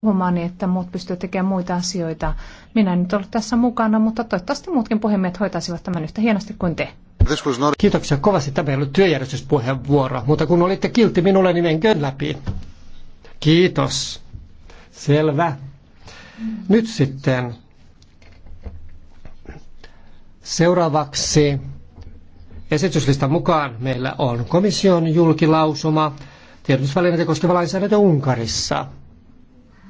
puhumaan, että muut pystyvät tekemään muita asioita. Minä en nyt ollut tässä mukana, mutta toivottavasti muutkin puhemiehet hoitaisivat tämän yhtä hienosti kuin te. Kiitoksia kovasti. Tämä ei ollut työjärjestyspuheenvuoro, mutta kun olitte kiltti minulle, niin menkön läpi. Kiitos. Selvä. Nyt sitten seuraavaksi esityslistan mukaan meillä on komission julkilausuma tiedotusvälineitä koskeva lainsäädäntö Unkarissa.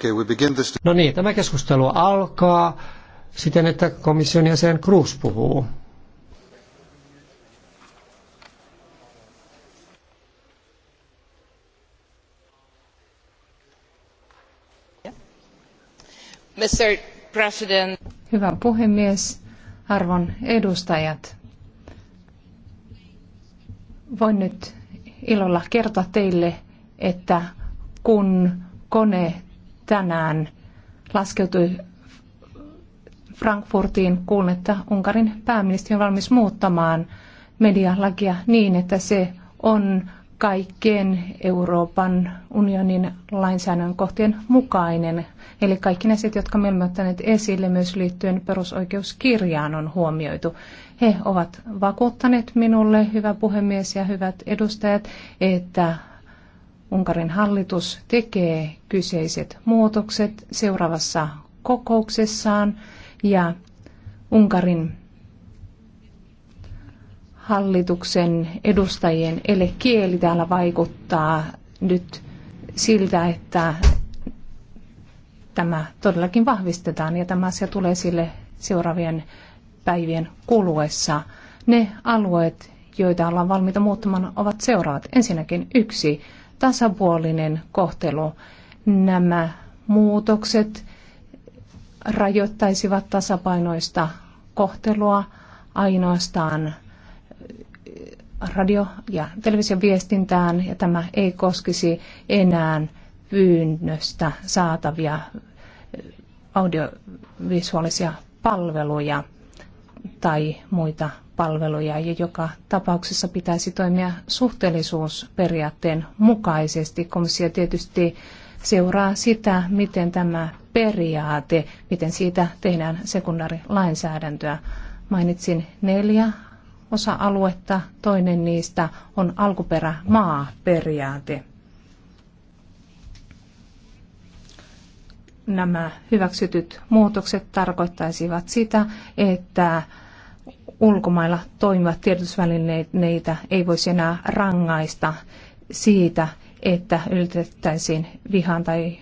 Okay, we begin this... No niin, tämä keskustelu alkaa siten, että komission jäsen Cruz puhuu. Mr. President. Hyvä puhemies, arvon edustajat. Voin nyt ilolla kertoa teille, että kun kone tänään laskeutui Frankfurtiin kuulin, että Unkarin pääministeri on valmis muuttamaan medialakia niin, että se on kaikkien Euroopan unionin lainsäädännön kohtien mukainen. Eli kaikki ne asiat, jotka me olemme ottaneet esille myös liittyen perusoikeuskirjaan on huomioitu. He ovat vakuuttaneet minulle, hyvä puhemies ja hyvät edustajat, että Unkarin hallitus tekee kyseiset muutokset seuraavassa kokouksessaan ja Unkarin hallituksen edustajien ele kieli täällä vaikuttaa nyt siltä, että tämä todellakin vahvistetaan ja tämä asia tulee sille seuraavien päivien kuluessa. Ne alueet, joita ollaan valmiita muuttamaan, ovat seuraavat. Ensinnäkin yksi tasapuolinen kohtelu. Nämä muutokset rajoittaisivat tasapainoista kohtelua ainoastaan radio- ja televisioviestintään ja tämä ei koskisi enää pyynnöstä saatavia audiovisuaalisia palveluja tai muita palveluja ja joka tapauksessa pitäisi toimia suhteellisuusperiaatteen mukaisesti. Komissio tietysti seuraa sitä, miten tämä periaate, miten siitä tehdään sekundaarilainsäädäntöä. Mainitsin neljä osa-aluetta, toinen niistä on alkuperämaaperiaate. Nämä hyväksytyt muutokset tarkoittaisivat sitä, että ulkomailla toimivat tiedotusvälineitä ei voisi enää rangaista siitä, että ylitettäisiin vihaan tai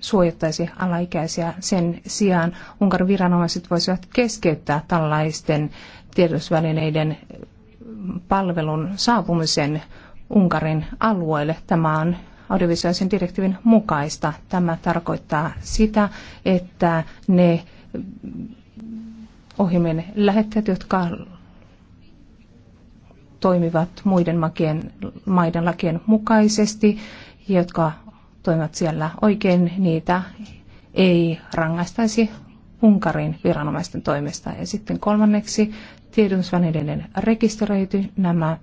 suojattaisi alaikäisiä. Sen sijaan Unkarin viranomaiset voisivat keskeyttää tällaisten tiedotusvälineiden palvelun saapumisen Unkarin alueelle. Tämä on audiovisuaalisen direktiivin mukaista. Tämä tarkoittaa sitä, että ne ohjelmien lähettäjät, jotka toimivat muiden makien, maiden lakien mukaisesti ja jotka toimivat siellä oikein, niitä ei rangaistaisi Unkarin viranomaisten toimesta. Ja sitten kolmanneksi tiedotusvälineiden rekisteröity nämä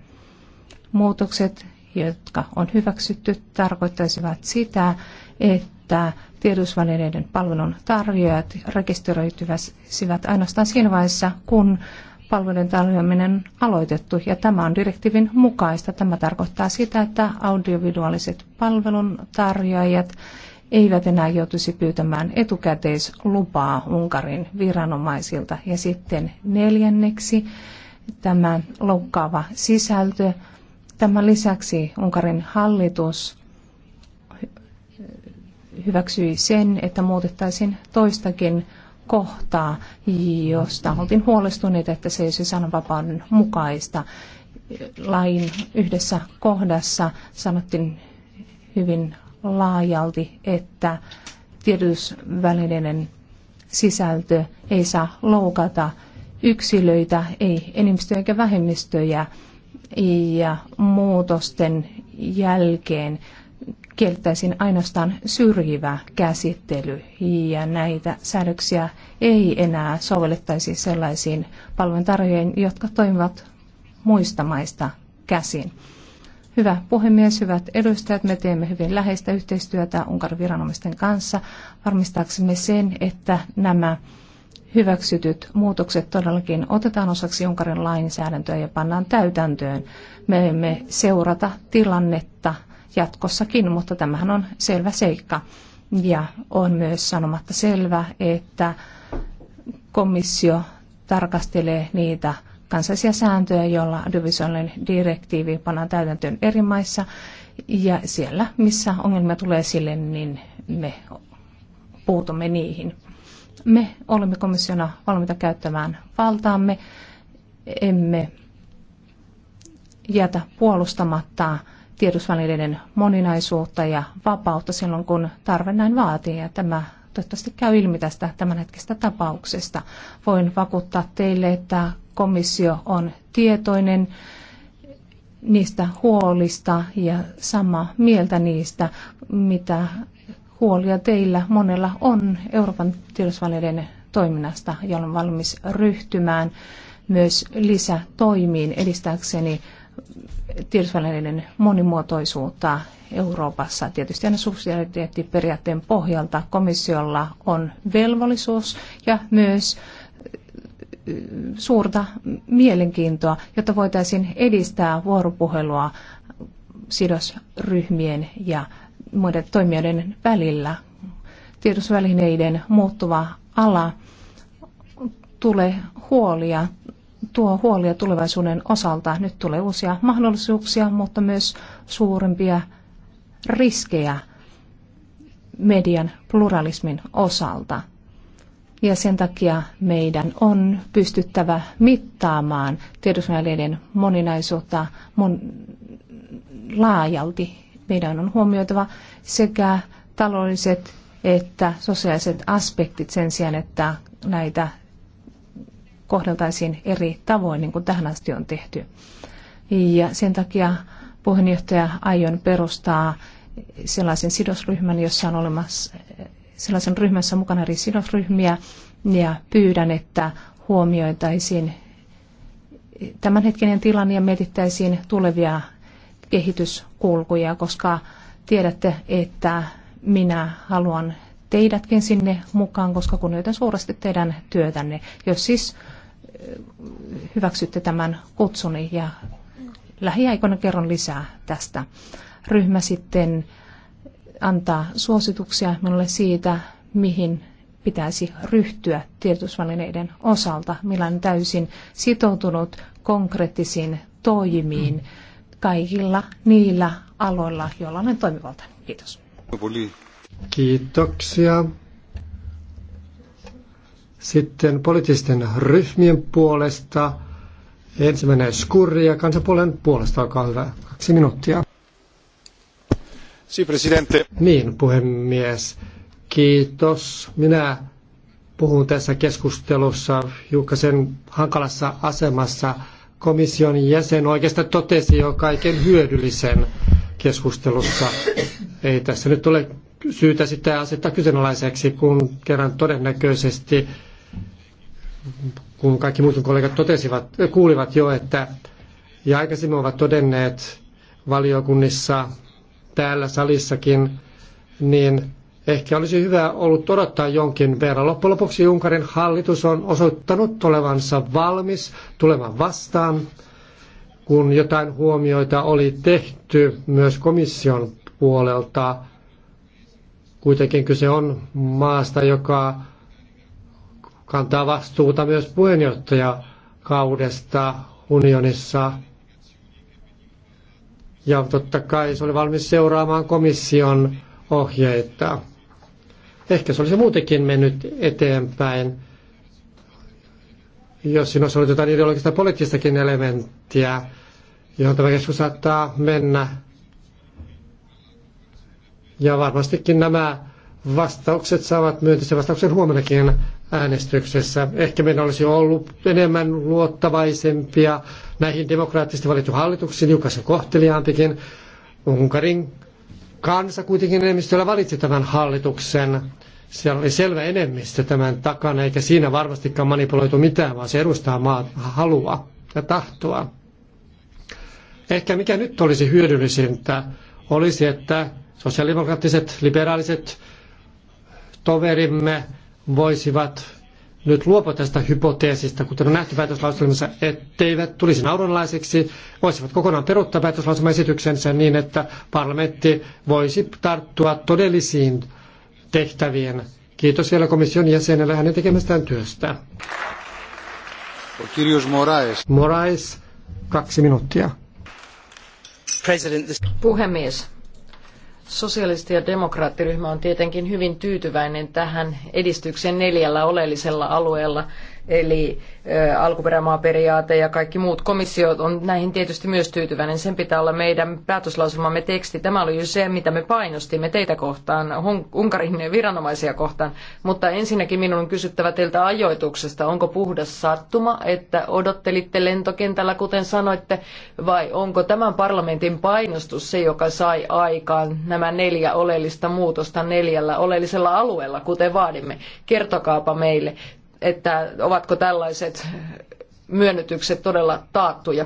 muutokset, jotka on hyväksytty, tarkoittaisivat sitä, että että tiedotusvälineiden palvelun tarjoajat rekisteröityvät ainoastaan siinä vaiheessa, kun palvelujen tarjoaminen aloitettu ja tämä on direktiivin mukaista. Tämä tarkoittaa sitä, että audiovisuaaliset palvelun tarjoajat eivät enää joutuisi pyytämään etukäteislupaa Unkarin viranomaisilta. Ja sitten neljänneksi tämä loukkaava sisältö. Tämän lisäksi Unkarin hallitus hyväksyi sen, että muutettaisiin toistakin kohtaa, josta oltiin huolestuneita, että se ei olisi sananvapauden mukaista. Lain yhdessä kohdassa sanottiin hyvin laajalti, että tiedotusvälineiden sisältö ei saa loukata yksilöitä, ei enemmistöjä eikä vähemmistöjä ja muutosten jälkeen kieltäisiin ainoastaan syrjivä käsittely ja näitä säädöksiä ei enää sovellettaisi sellaisiin palveluntarjoajiin, jotka toimivat muista maista käsin. Hyvä puhemies, hyvät edustajat, me teemme hyvin läheistä yhteistyötä Unkarin viranomaisten kanssa varmistaaksemme sen, että nämä hyväksytyt muutokset todellakin otetaan osaksi Unkarin lainsäädäntöä ja pannaan täytäntöön. Me emme seurata tilannetta jatkossakin, mutta tämähän on selvä seikka. Ja on myös sanomatta selvä, että komissio tarkastelee niitä kansallisia sääntöjä, joilla audiovisuaalinen direktiivi pannaan täytäntöön eri maissa. Ja siellä, missä ongelmia tulee sille, niin me puutumme niihin. Me olemme komissiona valmiita käyttämään valtaamme, emme jätä puolustamatta tiedotusvälineiden moninaisuutta ja vapautta silloin, kun tarve näin vaatii. Ja tämä toivottavasti käy ilmi tästä tämänhetkisestä tapauksesta. Voin vakuuttaa teille, että komissio on tietoinen niistä huolista ja sama mieltä niistä, mitä huolia teillä monella on Euroopan tiedotusvälineiden toiminnasta ja olen valmis ryhtymään myös lisätoimiin edistääkseni tiedotusvälineiden monimuotoisuutta Euroopassa. Tietysti aina subsidiariteettiperiaatteen pohjalta komissiolla on velvollisuus ja myös suurta mielenkiintoa, jotta voitaisiin edistää vuoropuhelua sidosryhmien ja muiden toimijoiden välillä. Tiedotusvälineiden muuttuva ala tulee huolia tuo huolia tulevaisuuden osalta. Nyt tulee uusia mahdollisuuksia, mutta myös suurempia riskejä median pluralismin osalta. Ja sen takia meidän on pystyttävä mittaamaan tiedotusvälineiden moninaisuutta mon- laajalti. Meidän on huomioitava sekä taloudelliset että sosiaaliset aspektit sen sijaan, että näitä kohdeltaisiin eri tavoin, niin kuin tähän asti on tehty. Ja sen takia puheenjohtaja aion perustaa sellaisen sidosryhmän, jossa on olemassa sellaisen ryhmässä mukana eri sidosryhmiä ja pyydän, että huomioitaisiin tämänhetkinen tilanne ja mietittäisiin tulevia kehityskulkuja, koska tiedätte, että minä haluan teidätkin sinne mukaan, koska kunnioitan suuresti teidän työtänne. Jos siis hyväksytte tämän kutsuni ja lähiaikoina kerron lisää tästä. Ryhmä sitten antaa suosituksia minulle siitä, mihin pitäisi ryhtyä tiedotusvälineiden osalta. millä on täysin sitoutunut konkreettisiin toimiin kaikilla niillä aloilla, joilla olen toimivalta. Kiitos. Kiitoksia. Sitten poliittisten ryhmien puolesta. Ensimmäinen Skurri ja kansanpuolen puolesta, olkaa hyvä. Kaksi minuuttia. Si, presidente. Niin, puhemies. Kiitos. Minä puhun tässä keskustelussa hiukkasen hankalassa asemassa. Komission jäsen oikeastaan totesi jo kaiken hyödyllisen keskustelussa. Ei tässä nyt ole syytä sitä asettaa kyseenalaiseksi, kun kerran todennäköisesti kun kaikki muut kollegat totesivat, kuulivat jo, että ja aikaisemmin ovat todenneet valiokunnissa, täällä salissakin, niin ehkä olisi hyvä ollut odottaa jonkin verran. Loppujen lopuksi Unkarin hallitus on osoittanut olevansa valmis tulemaan vastaan, kun jotain huomioita oli tehty myös komission puolelta. Kuitenkin kyse on maasta, joka kantaa vastuuta myös puheenjohtajakaudesta unionissa. Ja totta kai se oli valmis seuraamaan komission ohjeita. Ehkä se olisi muutenkin mennyt eteenpäin, jos siinä olisi ollut jotain ideologista poliittistakin elementtiä, johon tämä keskus saattaa mennä. Ja varmastikin nämä vastaukset saavat myönteisen vastauksen huomenakin äänestyksessä. Ehkä meidän olisi ollut enemmän luottavaisempia näihin demokraattisesti valittu hallituksiin, hiukan kohteliaampikin. Unkarin kansa kuitenkin enemmistöllä valitsi tämän hallituksen. Siellä oli selvä enemmistö tämän takana, eikä siinä varmastikaan manipuloitu mitään, vaan se edustaa maan halua ja tahtoa. Ehkä mikä nyt olisi hyödyllisintä, olisi, että sosiaalidemokraattiset, liberaaliset toverimme – voisivat nyt luopua tästä hypoteesista, kuten on nähty päätöslauselmassa, etteivät tulisi naurunlaiseksi, voisivat kokonaan peruuttaa päätöslauselmaesityksensä niin, että parlamentti voisi tarttua todellisiin tehtäviin. Kiitos vielä komission jäsenelle hänen tekemästään työstä. Kirjus Moraes. Moraes, kaksi minuuttia. Puhemies, Sosialisti- ja demokraattiryhmä on tietenkin hyvin tyytyväinen tähän edistykseen neljällä oleellisella alueella eli alkuperämaaperiaate ja kaikki muut. Komissio on näihin tietysti myös tyytyväinen. Sen pitää olla meidän päätöslausumamme teksti. Tämä oli jo se, mitä me painostimme teitä kohtaan, Unkarin viranomaisia kohtaan. Mutta ensinnäkin minun on kysyttävä teiltä ajoituksesta. Onko puhdas sattuma, että odottelitte lentokentällä, kuten sanoitte, vai onko tämän parlamentin painostus se, joka sai aikaan nämä neljä oleellista muutosta neljällä oleellisella alueella, kuten vaadimme? Kertokaapa meille että ovatko tällaiset myönnytykset todella taattuja.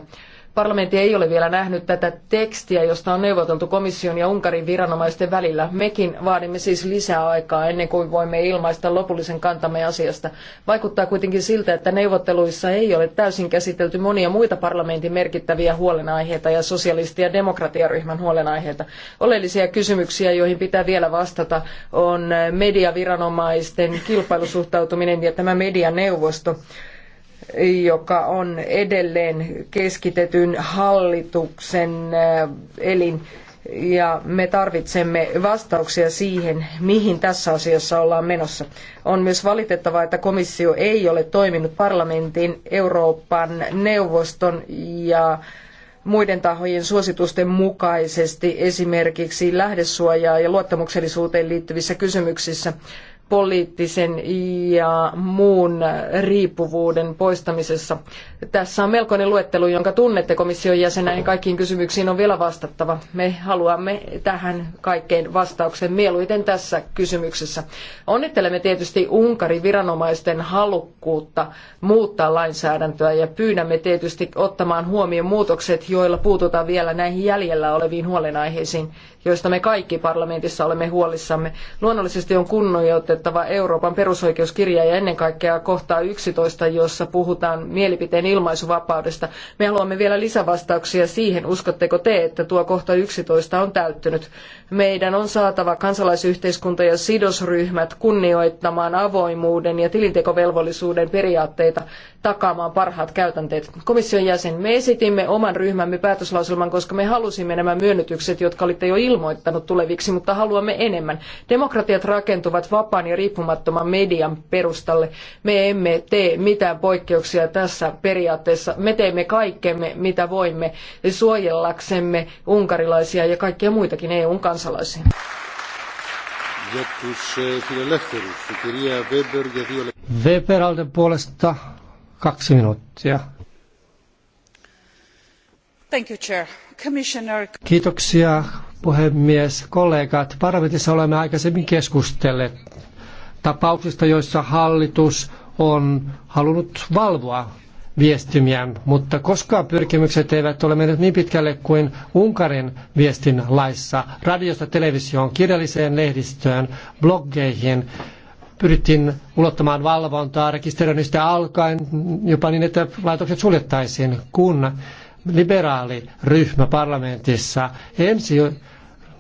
Parlamentti ei ole vielä nähnyt tätä tekstiä, josta on neuvoteltu komission ja Unkarin viranomaisten välillä. Mekin vaadimme siis lisää aikaa ennen kuin voimme ilmaista lopullisen kantamme asiasta. Vaikuttaa kuitenkin siltä, että neuvotteluissa ei ole täysin käsitelty monia muita parlamentin merkittäviä huolenaiheita ja sosialisti- ja demokratiaryhmän huolenaiheita. Oleellisia kysymyksiä, joihin pitää vielä vastata, on mediaviranomaisten kilpailusuhtautuminen ja tämä medianeuvosto joka on edelleen keskitetyn hallituksen äh, elin. Ja me tarvitsemme vastauksia siihen, mihin tässä asiassa ollaan menossa. On myös valitettavaa, että komissio ei ole toiminut parlamentin, Euroopan neuvoston ja muiden tahojen suositusten mukaisesti esimerkiksi lähdesuojaa ja luottamuksellisuuteen liittyvissä kysymyksissä poliittisen ja muun riippuvuuden poistamisessa. Tässä on melkoinen luettelu, jonka tunnette komission jäsenä ja niin kaikkiin kysymyksiin on vielä vastattava. Me haluamme tähän kaikkeen vastauksen mieluiten tässä kysymyksessä. Onnittelemme tietysti Unkarin viranomaisten halukkuutta muuttaa lainsäädäntöä ja pyydämme tietysti ottamaan huomioon muutokset, joilla puututaan vielä näihin jäljellä oleviin huolenaiheisiin, joista me kaikki parlamentissa olemme huolissamme. Luonnollisesti on kunnioitettu kunnioitettava Euroopan perusoikeuskirja ja ennen kaikkea kohtaa 11, jossa puhutaan mielipiteen ilmaisuvapaudesta. Me haluamme vielä lisävastauksia siihen, uskotteko te, että tuo kohta 11 on täyttynyt. Meidän on saatava kansalaisyhteiskunta ja sidosryhmät kunnioittamaan avoimuuden ja tilintekovelvollisuuden periaatteita takaamaan parhaat käytänteet. Komission jäsen, me esitimme oman ryhmämme päätöslauselman, koska me halusimme nämä myönnytykset, jotka olitte jo ilmoittanut tuleviksi, mutta haluamme enemmän. Demokratiat rakentuvat vapaan vapaan ja riippumattoman median perustalle. Me emme tee mitään poikkeuksia tässä periaatteessa. Me teemme kaikkemme, mitä voimme suojellaksemme unkarilaisia ja kaikkia muitakin EUn kansalaisia. Weber Alden puolesta kaksi minuuttia. Thank you, Chair. Commissioner... Kiitoksia puhemies, kollegat. Parlamentissa olemme aikaisemmin keskustelleet tapauksista, joissa hallitus on halunnut valvoa viestimiä, mutta koskaan pyrkimykset eivät ole menneet niin pitkälle kuin Unkarin viestin laissa. Radiosta televisioon, kirjalliseen lehdistöön, bloggeihin pyrittiin ulottamaan valvontaa rekisteröinnistä alkaen jopa niin, että laitokset suljettaisiin, kun ryhmä parlamentissa ensi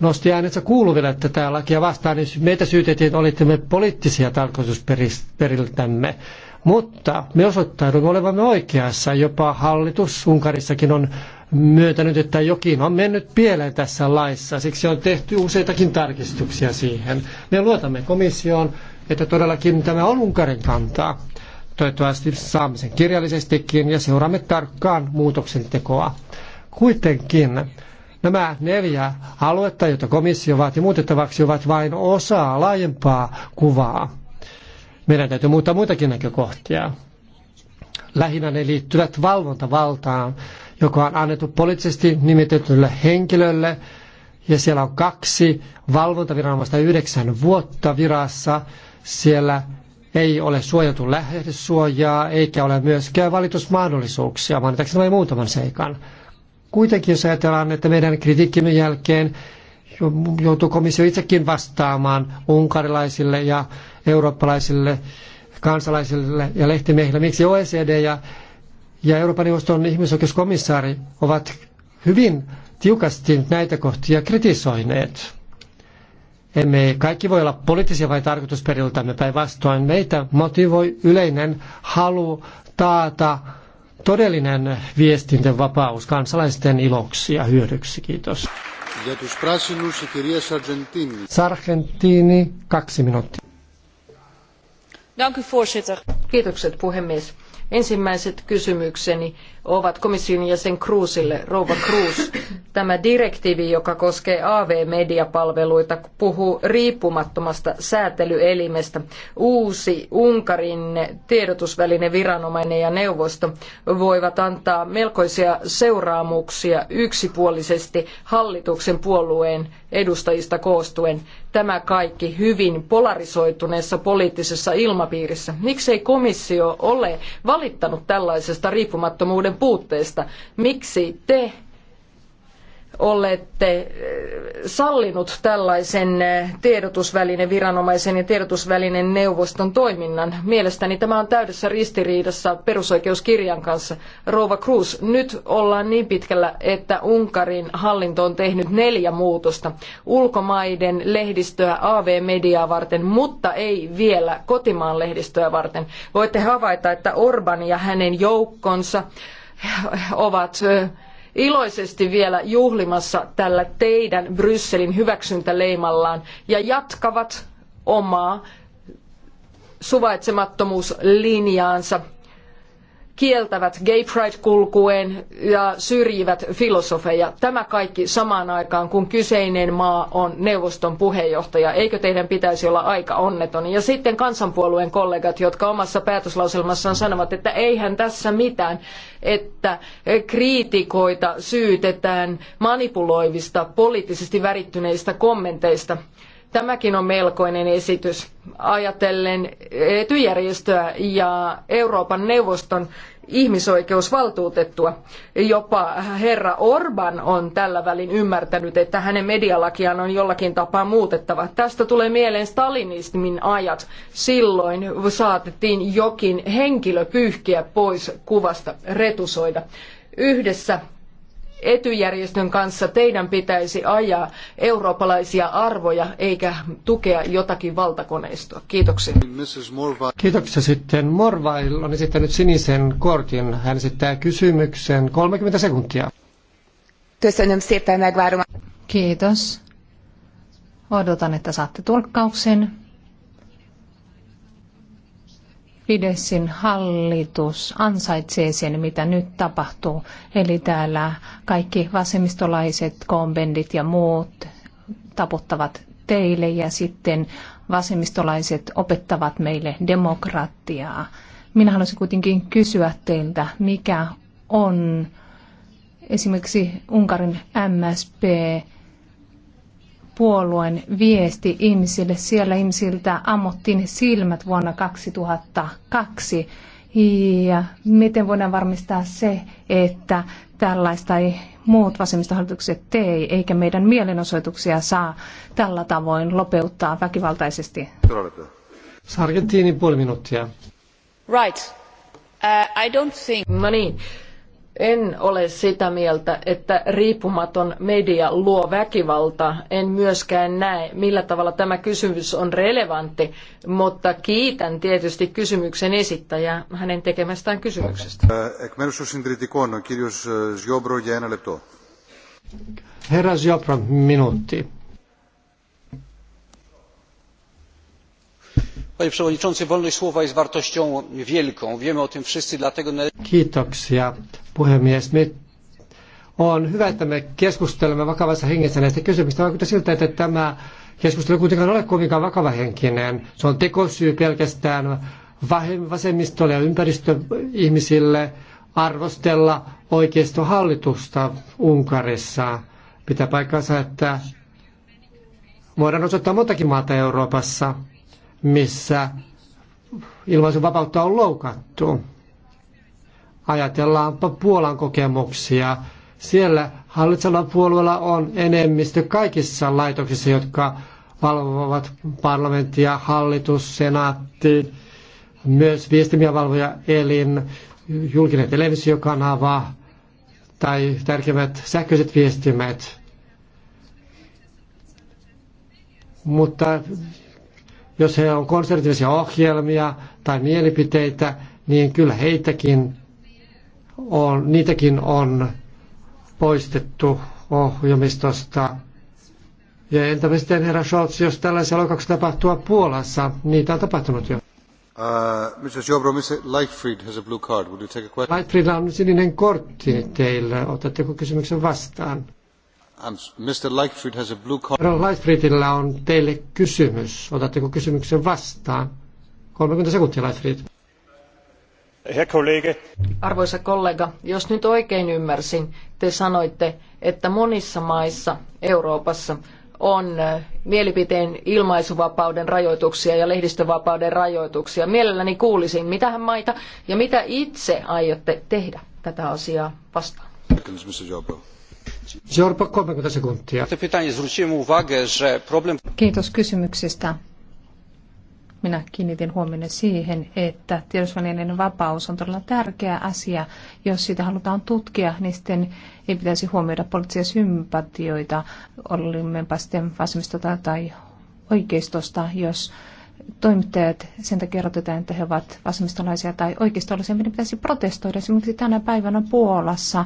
nosti äänensä kuuluville tätä lakia vastaan, niin meitä syytettiin, että olimme poliittisia tarkoitusperiltämme. Mutta me osoittaudumme olevamme oikeassa. Jopa hallitus Unkarissakin on myöntänyt, että jokin on mennyt pieleen tässä laissa. Siksi on tehty useitakin tarkistuksia siihen. Me luotamme komissioon, että todellakin tämä on Unkarin kantaa. Toivottavasti saamme sen kirjallisestikin ja seuraamme tarkkaan muutoksen tekoa. Kuitenkin Nämä neljä aluetta, joita komissio vaati muutettavaksi, ovat vain osa laajempaa kuvaa. Meidän täytyy muuttaa muitakin näkökohtia. Lähinnä ne liittyvät valvontavaltaan, joka on annettu poliittisesti nimitetylle henkilölle, ja siellä on kaksi valvontaviranomaista yhdeksän vuotta virassa. Siellä ei ole suojeltu lähdesuojaa, eikä ole myöskään valitusmahdollisuuksia, mainitakseni vain muutaman seikan kuitenkin jos ajatellaan, että meidän kritiikkimme jälkeen joutuu komissio itsekin vastaamaan unkarilaisille ja eurooppalaisille kansalaisille ja lehtimiehille, miksi OECD ja, ja Euroopan neuvoston ihmisoikeuskomissaari ovat hyvin tiukasti näitä kohtia kritisoineet. Emme kaikki voi olla poliittisia vai tarkoitusperiltämme päinvastoin. Meitä motivoi yleinen halu taata todellinen viestintävapaus kansalaisten iloksi ja hyödyksi. Kiitos. Sargentini, kaksi minuuttia. Kiitokset puhemies. Ensimmäiset kysymykseni ovat komission jäsen Kruusille. Rouva Kruus, tämä direktiivi, joka koskee AV-mediapalveluita, puhuu riippumattomasta säätelyelimestä. Uusi Unkarin tiedotusväline viranomainen ja neuvosto voivat antaa melkoisia seuraamuksia yksipuolisesti hallituksen puolueen edustajista koostuen tämä kaikki hyvin polarisoituneessa poliittisessa ilmapiirissä. Miksei komissio ole valittanut tällaisesta riippumattomuuden puutteesta? Miksi te olette eh, sallinut tällaisen eh, tiedotusvälinen viranomaisen ja tiedotusvälinen neuvoston toiminnan. Mielestäni tämä on täydessä ristiriidassa perusoikeuskirjan kanssa. Rouva Cruz, nyt ollaan niin pitkällä, että Unkarin hallinto on tehnyt neljä muutosta ulkomaiden lehdistöä AV-mediaa varten, mutta ei vielä kotimaan lehdistöä varten. Voitte havaita, että Orban ja hänen joukkonsa eh, ovat iloisesti vielä juhlimassa tällä teidän Brysselin hyväksyntäleimallaan ja jatkavat omaa suvaitsemattomuuslinjaansa kieltävät gay pride-kulkueen ja syrjivät filosofeja. Tämä kaikki samaan aikaan, kun kyseinen maa on neuvoston puheenjohtaja. Eikö teidän pitäisi olla aika onneton? Ja sitten kansanpuolueen kollegat, jotka omassa päätöslauselmassaan sanovat, että eihän tässä mitään, että kriitikoita syytetään manipuloivista, poliittisesti värittyneistä kommenteista. Tämäkin on melkoinen esitys ajatellen etujärjestöä ja Euroopan neuvoston ihmisoikeusvaltuutettua. Jopa herra Orban on tällä välin ymmärtänyt, että hänen medialakiaan on jollakin tapaa muutettava. Tästä tulee mieleen stalinismin ajat. Silloin saatettiin jokin henkilö pyyhkiä pois kuvasta, retusoida. Yhdessä etujärjestön kanssa teidän pitäisi ajaa eurooppalaisia arvoja eikä tukea jotakin valtakoneistoa. Kiitoksia. Kiitoksia sitten. Morvail on esittänyt sinisen kortin. Hän esittää kysymyksen 30 sekuntia. Kiitos. Odotan, että saatte tulkkauksen. Fidesin hallitus ansaitsee sen, mitä nyt tapahtuu. Eli täällä kaikki vasemmistolaiset kombendit ja muut taputtavat teille ja sitten vasemmistolaiset opettavat meille demokratiaa. Minä haluaisin kuitenkin kysyä teiltä, mikä on esimerkiksi Unkarin MSP puolueen viesti ihmisille. Siellä ihmisiltä ammuttiin silmät vuonna 2002. Ja miten voidaan varmistaa se, että tällaista ei muut vasemmistohallitukset tee, eikä meidän mielenosoituksia saa tällä tavoin lopeuttaa väkivaltaisesti? Sargentini puoli minuuttia. Right. Uh, I don't think... No niin. En ole sitä mieltä, että riippumaton media luo väkivaltaa. En myöskään näe, millä tavalla tämä kysymys on relevantti, mutta kiitän tietysti kysymyksen esittäjää hänen tekemästään kysymyksestä. Herra Ziobro, minuutti. Panie przewodniczący, wolność słowa jest wartością wielką. Wiemy o tym wszyscy, dlatego... Kiitoksia, puhemies. Me on hyvä, että me keskustelemme vakavassa hengessä näistä kysymyksistä. Vaikuttaa siltä, että tämä keskustelu kuitenkaan ole kovinkaan vakava henkinen. Se on tekosyy pelkästään vasemmistolle ja ympäristöihmisille arvostella oikeistohallitusta Unkarissa. Pitää paikkansa, että voidaan osoittaa montakin maata Euroopassa, missä ilmaisuvapautta on loukattu. Ajatellaanpa Puolan kokemuksia. Siellä hallitsevalla puolueella on enemmistö kaikissa laitoksissa, jotka valvovat parlamenttia, hallitus, senaatti, myös viestimiä valvoja elin, julkinen televisiokanava tai tärkeimmät sähköiset viestimet. Mutta jos heillä on konservatiivisia ohjelmia tai mielipiteitä, niin kyllä heitäkin on, niitäkin on poistettu ohjelmistosta. Ja entäpä sitten herra Scholz, jos tällaisia lokauksia tapahtuu Puolassa, niitä on tapahtunut jo. Uh, Mr. Jobro, Mr. Lightfried has a blue card. Would you take a question? Lightfriedillä on sininen kortti teille. Otatteko kysymyksen vastaan? Herra Lightfriedillä on teille kysymys. Otatteko kysymyksen vastaan? 30 sekuntia, Lightfried. Arvoisa kollega, jos nyt oikein ymmärsin, te sanoitte, että monissa maissa Euroopassa on mielipiteen ilmaisuvapauden rajoituksia ja lehdistövapauden rajoituksia. Mielelläni kuulisin, hän maita ja mitä itse aiotte tehdä tätä asiaa vastaan. Jorpa, 30 sekuntia. Kiitos kysymyksestä. Minä kiinnitin huomioon siihen, että tiedotusvälineiden vapaus on todella tärkeä asia. Jos sitä halutaan tutkia, niin sitten ei pitäisi huomioida poliittisia sympatioita, olimmepa sitten vasemmistota tai oikeistosta, jos toimittajat sen takia erotetaan, että he ovat vasemmistolaisia tai oikeistolaisia. Meidän pitäisi protestoida esimerkiksi tänä päivänä Puolassa.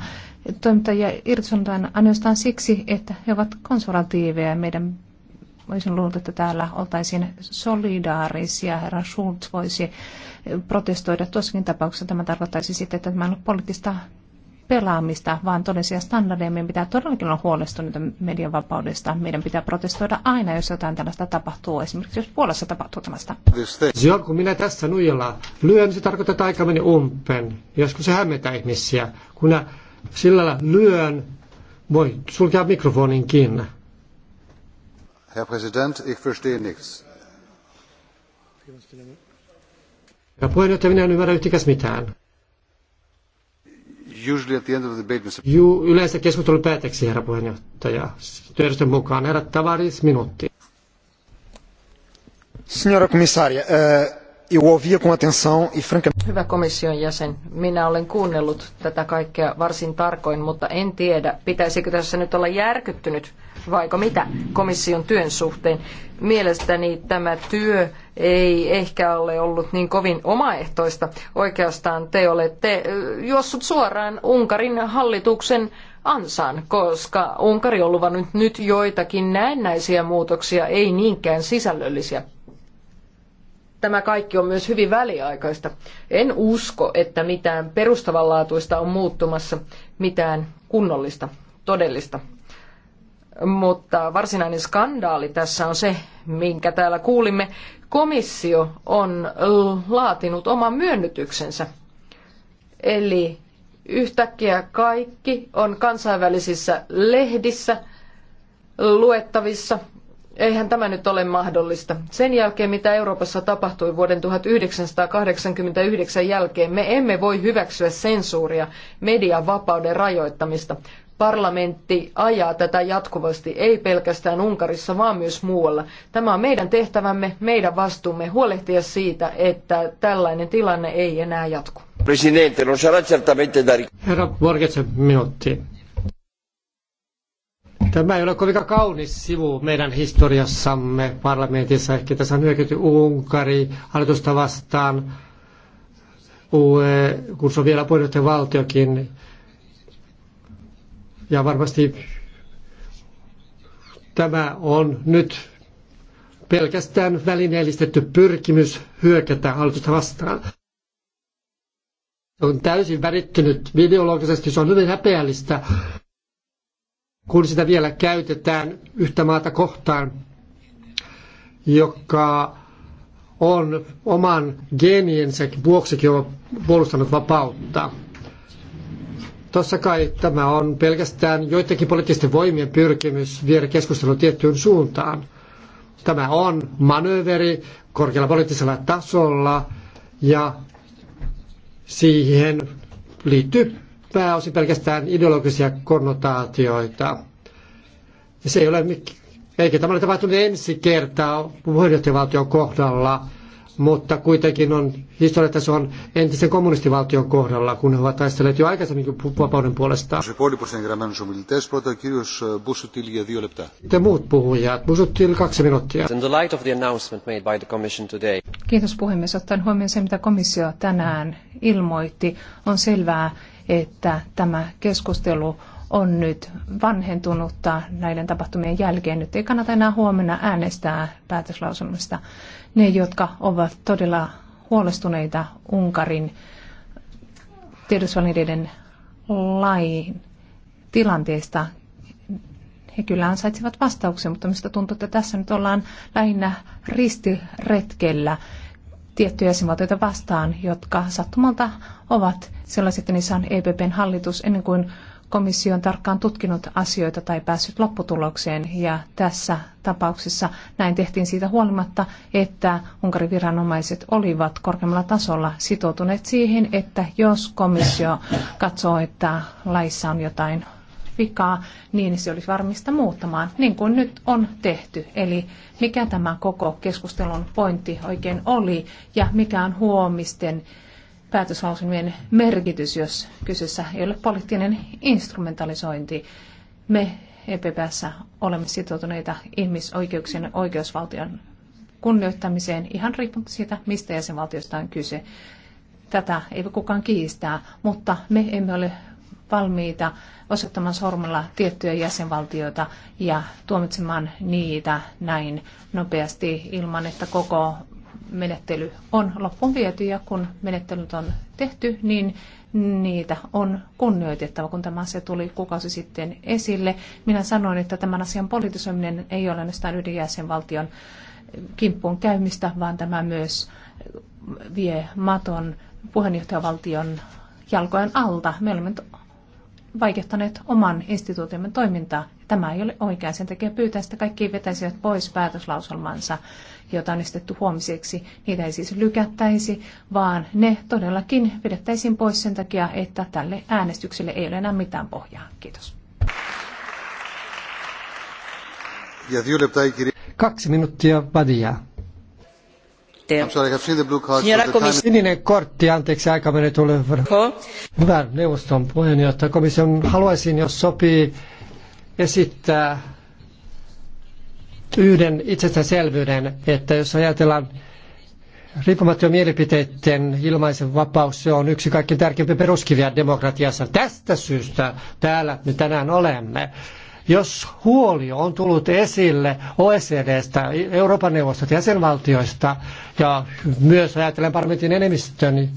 Toimittajia irtisanotaan ainoastaan siksi, että he ovat konservatiiveja. Meidän olisin luullut, että täällä oltaisiin solidaarisia. Herra Schulz voisi protestoida tuossakin tapauksessa. Tämä tarkoittaisi sitten, että tämä on poliittista pelaamista, vaan todellisia standardeja. Meidän pitää todellakin olla huolestuneita median vapaudesta. Meidän pitää protestoida aina, jos jotain tällaista tapahtuu. Esimerkiksi jos Puolassa tapahtuu tällaista. Joo, kun minä tässä nujalla lyön, se tarkoittaa, että aika meni umpeen. Joskus se hämmentää ihmisiä. Kun minä sillä lailla lyön, voi sulkea mikrofoninkin. Herr Präsident, ich verstehe nichts. Ja puheenjohtaja, minä en ymmärrä yhtikäs mitään usually yleensä keskustelun päätteeksi, herra puheenjohtaja. Työjärjestön mukaan herra Tavaris, minuutti. Signora komissaria, eu eh, ouvia com atenção e francamente... Hyvä komission jäsen, minä olen kuunnellut tätä kaikkea varsin tarkoin, mutta en tiedä, pitäisikö tässä nyt olla järkyttynyt vaiko mitä komission työn suhteen. Mielestäni tämä työ ei ehkä ole ollut niin kovin omaehtoista. Oikeastaan te olette juossut suoraan Unkarin hallituksen ansaan, koska Unkari on luvannut nyt joitakin näennäisiä muutoksia, ei niinkään sisällöllisiä tämä kaikki on myös hyvin väliaikaista. En usko, että mitään perustavanlaatuista on muuttumassa, mitään kunnollista, todellista. Mutta varsinainen skandaali tässä on se, minkä täällä kuulimme. Komissio on laatinut oman myönnytyksensä. Eli yhtäkkiä kaikki on kansainvälisissä lehdissä luettavissa. Eihän tämä nyt ole mahdollista. Sen jälkeen, mitä Euroopassa tapahtui vuoden 1989 jälkeen, me emme voi hyväksyä sensuuria, median vapauden rajoittamista parlamentti ajaa tätä jatkuvasti, ei pelkästään Unkarissa, vaan myös muualla. Tämä on meidän tehtävämme, meidän vastuumme huolehtia siitä, että tällainen tilanne ei enää jatku. Presidente, non sarà certamente da... Herra Borgetsen minuutti. Tämä ei ole kovinkaan kaunis sivu meidän historiassamme parlamentissa. Ehkä tässä on hyökätty Unkari hallitusta vastaan, UE, kun se on vielä puheenjohtajavaltiokin. valtiokin ja varmasti tämä on nyt pelkästään välineellistetty pyrkimys hyökätä hallitusta vastaan. Se on täysin värittynyt ideologisesti, se on hyvin häpeällistä, kun sitä vielä käytetään yhtä maata kohtaan, joka on oman geeniensä vuoksikin jo puolustanut vapautta. Tossa kai tämä on pelkästään joidenkin poliittisten voimien pyrkimys viedä keskustelua tiettyyn suuntaan. Tämä on manööveri korkealla poliittisella tasolla ja siihen liittyy pääosin pelkästään ideologisia konnotaatioita. Se ei ole, eikä tämä ole tapahtunut ensi kertaa puheenjohtajavaltion kohdalla mutta kuitenkin on historia, että se on entisen kommunistivaltion kohdalla, kun he ovat taistelleet jo aikaisemmin vapauden puolesta. Te muut puhujat. Busutil kaksi minuuttia. In the light of the announcement made by the commission today. Kiitos puhemies. Ottaen huomioon se, mitä komissio tänään ilmoitti, on selvää, että tämä keskustelu on nyt vanhentunutta näiden tapahtumien jälkeen. Nyt ei kannata enää huomenna äänestää päätöslausunnosta ne, jotka ovat todella huolestuneita Unkarin tiedotusvälineiden lain tilanteesta, he kyllä ansaitsevat vastauksen, mutta minusta tuntuu, että tässä nyt ollaan lähinnä ristiretkellä tiettyjä jäsenvaltioita vastaan, jotka sattumalta ovat sellaiset, että niissä on EPPn hallitus ennen kuin komissio on tarkkaan tutkinut asioita tai päässyt lopputulokseen ja tässä tapauksessa näin tehtiin siitä huolimatta, että Unkarin viranomaiset olivat korkeammalla tasolla sitoutuneet siihen, että jos komissio katsoo, että laissa on jotain vikaa, niin se olisi varmista muuttamaan, niin kuin nyt on tehty. Eli mikä tämä koko keskustelun pointti oikein oli ja mikä on huomisten päätöslauselmien merkitys, jos kyseessä ei ole poliittinen instrumentalisointi. Me EPPssä olemme sitoutuneita ihmisoikeuksien oikeusvaltion kunnioittamiseen ihan riippumatta siitä, mistä jäsenvaltiosta on kyse. Tätä ei voi kukaan kiistää, mutta me emme ole valmiita osoittamaan sormella tiettyjä jäsenvaltioita ja tuomitsemaan niitä näin nopeasti ilman, että koko menettely on loppuun viety ja kun menettelyt on tehty, niin niitä on kunnioitettava. Kun tämä asia tuli kuukausi sitten esille, minä sanoin, että tämän asian politisoiminen ei ole ainoastaan ydinjäsenvaltion kimppuun käymistä, vaan tämä myös vie maton puheenjohtajavaltion jalkojen alta. Me olemme vaikeuttaneet oman instituutiomme toimintaa. Tämä ei ole oikein. Sen takia pyytän, että kaikki vetäisivät pois päätöslauselmansa joita on estetty huomiseksi, niitä ei siis lykättäisi, vaan ne todellakin pidettäisiin pois sen takia, että tälle äänestykselle ei ole enää mitään pohjaa. Kiitos. Kaksi minuuttia Badia. Sininen kortti, anteeksi, aika meni tulee. Hyvä neuvoston puheenjohtaja. Komission haluaisin, jos sopii, esittää yhden itsestäänselvyyden, että jos ajatellaan riippumatta mielipiteiden ilmaisen vapaus, se on yksi kaikkein tärkeimpiä peruskiviä demokratiassa. Tästä syystä täällä me tänään olemme. Jos huoli on tullut esille OECDstä, Euroopan neuvostosta, jäsenvaltioista ja myös ajatellen parlamentin enemmistön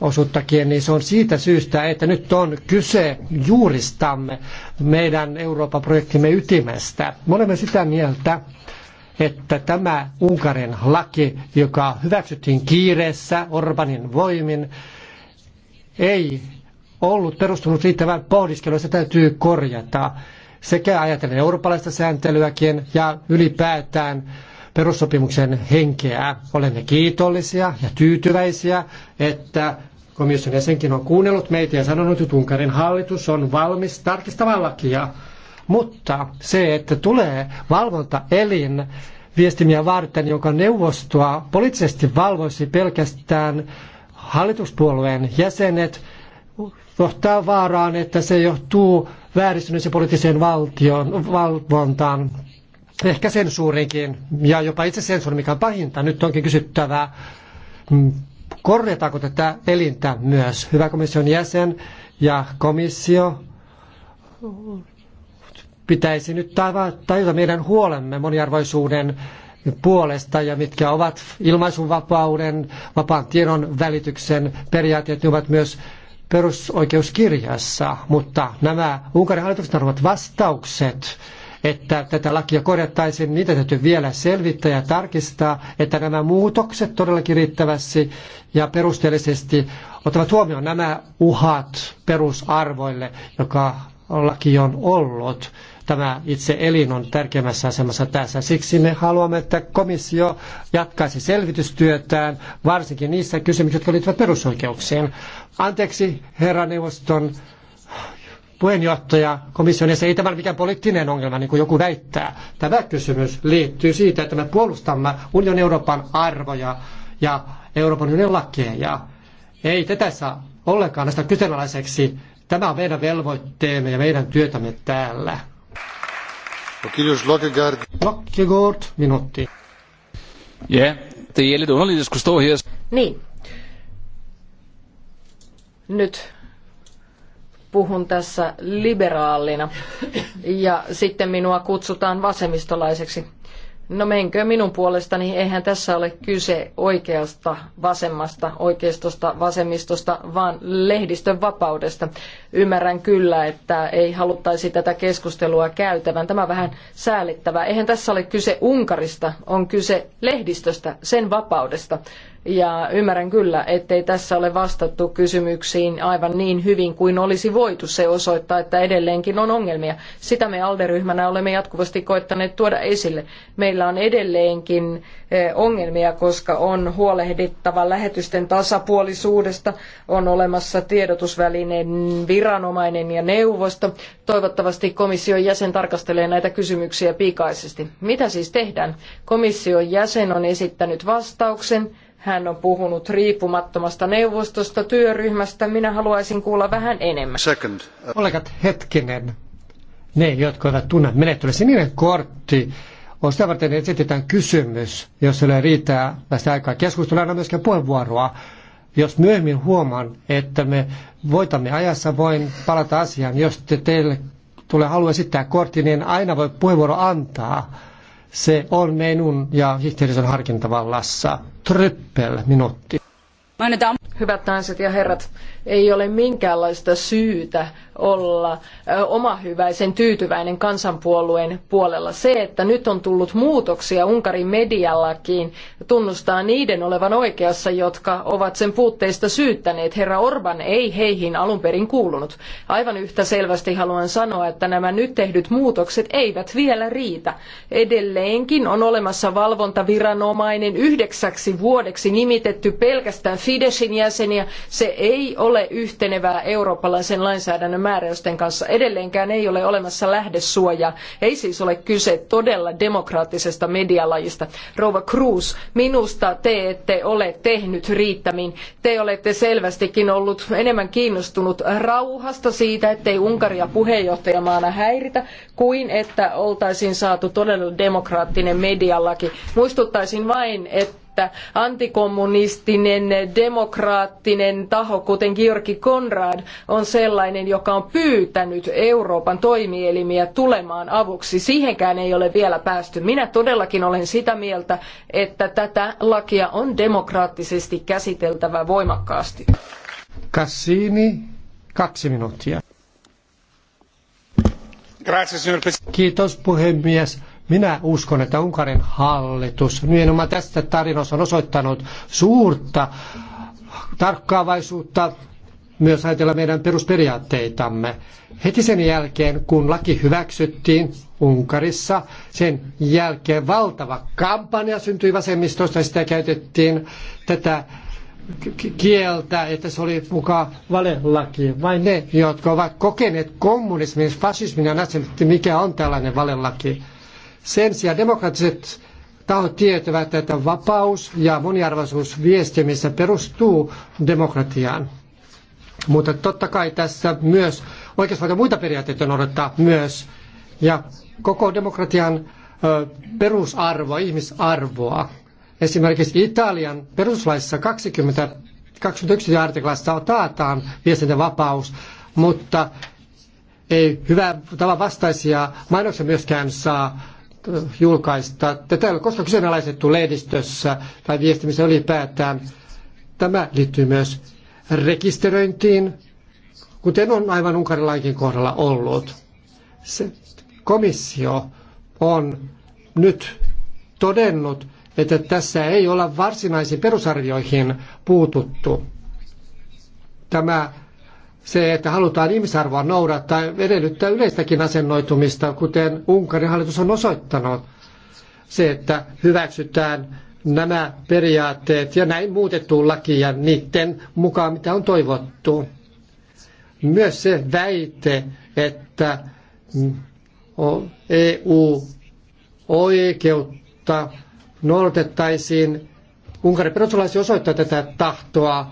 osuuttakin, niin se on siitä syystä, että nyt on kyse juuristamme meidän Euroopan-projektimme ytimestä. Me olemme sitä mieltä, että tämä Unkarin laki, joka hyväksyttiin kiireessä Orbanin voimin, ei ollut perustunut riittävään pohdiskeluun, se täytyy korjata sekä ajatellen eurooppalaista sääntelyäkin ja ylipäätään perussopimuksen henkeä. Olemme kiitollisia ja tyytyväisiä, että Komission jäsenkin on kuunnellut meitä ja sanonut, että Unkarin hallitus on valmis tarkistamaan lakia. Mutta se, että tulee valvontaelin viestimiä varten, joka neuvostoa poliittisesti valvoisi pelkästään hallituspuolueen jäsenet, johtaa vaaraan, että se johtuu vääristyneeseen poliittiseen valtion, valvontaan, ehkä sensuurinkin ja jopa itse sensuuri, mikä on pahinta. Nyt onkin kysyttävää, mm, korjataanko tätä elintä myös. Hyvä komission jäsen ja komissio pitäisi nyt tajuta meidän huolemme moniarvoisuuden puolesta ja mitkä ovat ilmaisunvapauden, vapaan tiedon välityksen periaatteet, ne ovat myös perusoikeuskirjassa, mutta nämä Unkarin hallituksen tarvitsevat vastaukset että tätä lakia korjattaisiin, niitä täytyy vielä selvittää ja tarkistaa, että nämä muutokset todellakin riittävästi ja perusteellisesti ottavat huomioon nämä uhat perusarvoille, joka laki on ollut. Tämä itse elin on tärkeimmässä asemassa tässä. Siksi me haluamme, että komissio jatkaisi selvitystyötään, varsinkin niissä kysymyksissä, jotka liittyvät perusoikeuksiin. Anteeksi, herra neuvoston puheenjohtaja komission jäsen, ei tämä ole mikään poliittinen ongelma, niin kuin joku väittää. Tämä kysymys liittyy siitä, että me puolustamme unionin Euroopan arvoja ja Euroopan unionin lakeja. Ei tätä saa ollenkaan näistä kyseenalaiseksi. Tämä on meidän velvoitteemme ja meidän työtämme täällä. No, Kiitos Lokkegaard. Lokkegaard, Yeah, det gäller då när stå Niin. Nyt puhun tässä liberaalina ja sitten minua kutsutaan vasemmistolaiseksi. No menkö minun puolestani, eihän tässä ole kyse oikeasta vasemmasta, oikeistosta vasemmistosta, vaan lehdistön vapaudesta. Ymmärrän kyllä, että ei haluttaisi tätä keskustelua käytävän. Tämä on vähän säälittävää. Eihän tässä ole kyse Unkarista, on kyse lehdistöstä, sen vapaudesta. Ja ymmärrän kyllä, ettei tässä ole vastattu kysymyksiin aivan niin hyvin kuin olisi voitu. Se osoittaa, että edelleenkin on ongelmia. Sitä me alderyhmänä olemme jatkuvasti koettaneet tuoda esille. Meillä on edelleenkin eh, ongelmia, koska on huolehdittava lähetysten tasapuolisuudesta, on olemassa tiedotusvälineen viranomainen ja neuvosto. Toivottavasti komission jäsen tarkastelee näitä kysymyksiä pikaisesti. Mitä siis tehdään? Komission jäsen on esittänyt vastauksen hän on puhunut riippumattomasta neuvostosta, työryhmästä. Minä haluaisin kuulla vähän enemmän. Second. Kollegat, hetkinen. Ne, jotka eivät tunne menettelyä, sininen kortti on sitä varten, että esitetään kysymys, jos ei ole riittää tästä aikaa keskustella, aina myöskään puheenvuoroa. Jos myöhemmin huomaan, että me voitamme ajassa, voin palata asiaan. Jos te teille tulee halu esittää kortti, niin aina voi puheenvuoro antaa se on minun ja sihteerisen harkintavallassa. Tryppel minuutti. Hyvät naiset ja herrat, ei ole minkäänlaista syytä olla omahyväisen tyytyväinen kansanpuolueen puolella. Se, että nyt on tullut muutoksia Unkarin mediallakin, tunnustaa niiden olevan oikeassa, jotka ovat sen puutteista syyttäneet. Herra Orban ei heihin alun perin kuulunut. Aivan yhtä selvästi haluan sanoa, että nämä nyt tehdyt muutokset eivät vielä riitä. Edelleenkin on olemassa valvontaviranomainen yhdeksäksi vuodeksi nimitetty pelkästään Fidesin jäsen jäseniä. Se ei ole yhtenevää eurooppalaisen lainsäädännön määräysten kanssa. Edelleenkään ei ole olemassa lähdesuojaa. Ei siis ole kyse todella demokraattisesta medialajista. Rouva Cruz, minusta te ette ole tehnyt riittämin. Te olette selvästikin ollut enemmän kiinnostunut rauhasta siitä, ettei Unkaria puheenjohtajamaana häiritä, kuin että oltaisiin saatu todella demokraattinen medialaki. Muistuttaisin vain, että että antikommunistinen demokraattinen taho, kuten Georgi Konrad, on sellainen, joka on pyytänyt Euroopan toimielimiä tulemaan avuksi. Siihenkään ei ole vielä päästy. Minä todellakin olen sitä mieltä, että tätä lakia on demokraattisesti käsiteltävä voimakkaasti. Cassini, kaksi minuuttia. Kiitos puhemies. Minä uskon, että Unkarin hallitus nimenomaan tästä tarinassa on osoittanut suurta tarkkaavaisuutta myös ajatella meidän perusperiaatteitamme. Heti sen jälkeen, kun laki hyväksyttiin Unkarissa, sen jälkeen valtava kampanja syntyi vasemmistosta, sitä käytettiin tätä kieltä, että se oli mukaan valelaki. Vain ne, jotka ovat kokeneet kommunismin, fasismin ja natsismin, mikä on tällainen valelaki. Sen sijaan demokraattiset tahot tietävät, että vapaus ja moniarvoisuus viestimissä perustuu demokratiaan. Mutta totta kai tässä myös oikeusvaltion muita periaatteita noudattaa myös. Ja koko demokratian perusarvo, ihmisarvoa. Esimerkiksi Italian peruslaissa 20, 21 artiklassa taataan viestintävapaus, mutta ei hyvää tavan vastaisia mainoksia myöskään saa julkaista. Tätä ei ole koskaan kyseenalaistettu lehdistössä tai viestimissä ylipäätään. Tämä liittyy myös rekisteröintiin, kuten on aivan unkarilainkin kohdalla ollut. Se komissio on nyt todennut, että tässä ei olla varsinaisiin perusarvioihin puututtu. Tämä se, että halutaan ihmisarvoa noudattaa, edellyttää yleistäkin asennoitumista, kuten Unkarin hallitus on osoittanut. Se, että hyväksytään nämä periaatteet ja näin muutettuun laki ja niiden mukaan, mitä on toivottu. Myös se väite, että EU-oikeutta noudatettaisiin. Unkarin perustuslaki osoittaa tätä tahtoa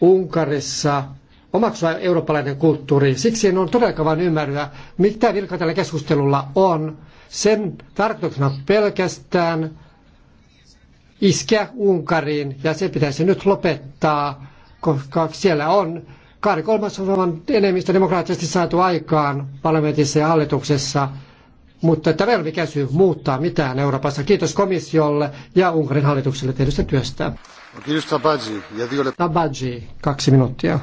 Unkarissa – omaksua eurooppalainen kulttuuri. Siksi en ole todellakaan vain ymmärrä, mitä virka tällä keskustelulla on. Sen tarkoituksena pelkästään iskeä Unkariin, ja se pitäisi nyt lopettaa, koska siellä on kahden kolmasosan enemmistö demokraattisesti saatu aikaan parlamentissa ja hallituksessa, mutta tämä ei ole mikään syy muuttaa mitään Euroopassa. Kiitos komissiolle ja Unkarin hallitukselle tehdystä työstä. No, Tabadji, kaksi minuuttia.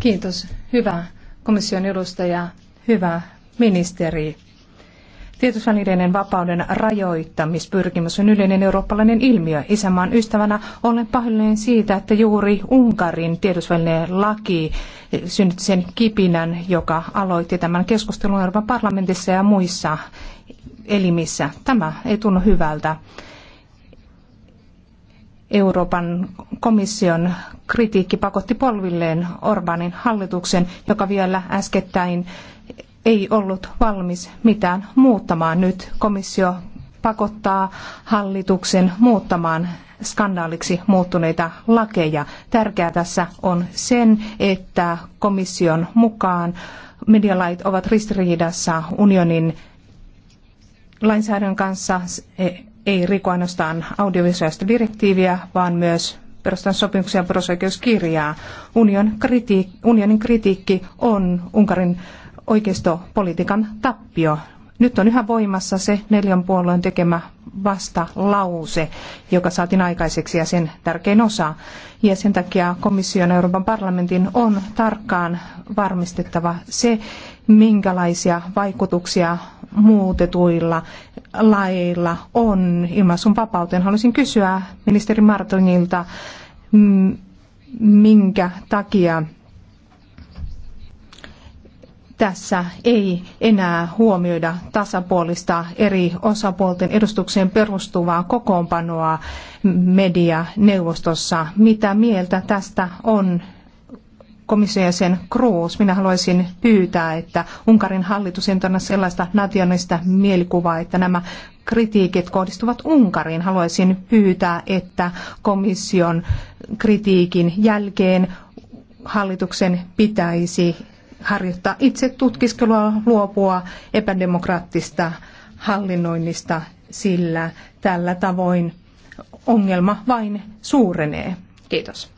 Kiitos. Hyvä komission edustaja, hyvä ministeri. Tietosvälineiden vapauden rajoittamispyrkimys on yleinen eurooppalainen ilmiö. Isämaan ystävänä olen pahoillinen siitä, että juuri Unkarin tiedotusvälineen laki synnytti sen kipinän, joka aloitti tämän keskustelun Euroopan parlamentissa ja muissa elimissä. Tämä ei tunnu hyvältä. Euroopan komission kritiikki pakotti polvilleen Orbanin hallituksen, joka vielä äskettäin ei ollut valmis mitään muuttamaan. Nyt komissio pakottaa hallituksen muuttamaan skandaaliksi muuttuneita lakeja. Tärkeää tässä on sen, että komission mukaan medialait ovat ristiriidassa unionin lainsäädännön kanssa ei riko ainoastaan audiovisuaalista direktiiviä, vaan myös perustan sopimuksia ja perusoikeuskirjaa. Union kritiik, unionin kritiikki on Unkarin oikeistopolitiikan tappio. Nyt on yhä voimassa se neljän puolueen tekemä vasta lause, joka saatiin aikaiseksi ja sen tärkein osa. Ja sen takia komission ja Euroopan parlamentin on tarkkaan varmistettava se, minkälaisia vaikutuksia muutetuilla lailla on ilmaisun vapauteen. Haluaisin kysyä ministeri Martonilta, minkä takia tässä ei enää huomioida tasapuolista eri osapuolten edustukseen perustuvaa kokoonpanoa medianeuvostossa. Mitä mieltä tästä on komission jäsen Kroos, minä haluaisin pyytää, että Unkarin hallitus ei anna sellaista nationalista mielikuvaa, että nämä kritiikit kohdistuvat Unkariin. Haluaisin pyytää, että komission kritiikin jälkeen hallituksen pitäisi harjoittaa itse tutkiskelua, luopua epädemokraattista hallinnoinnista, sillä tällä tavoin ongelma vain suurenee. Kiitos.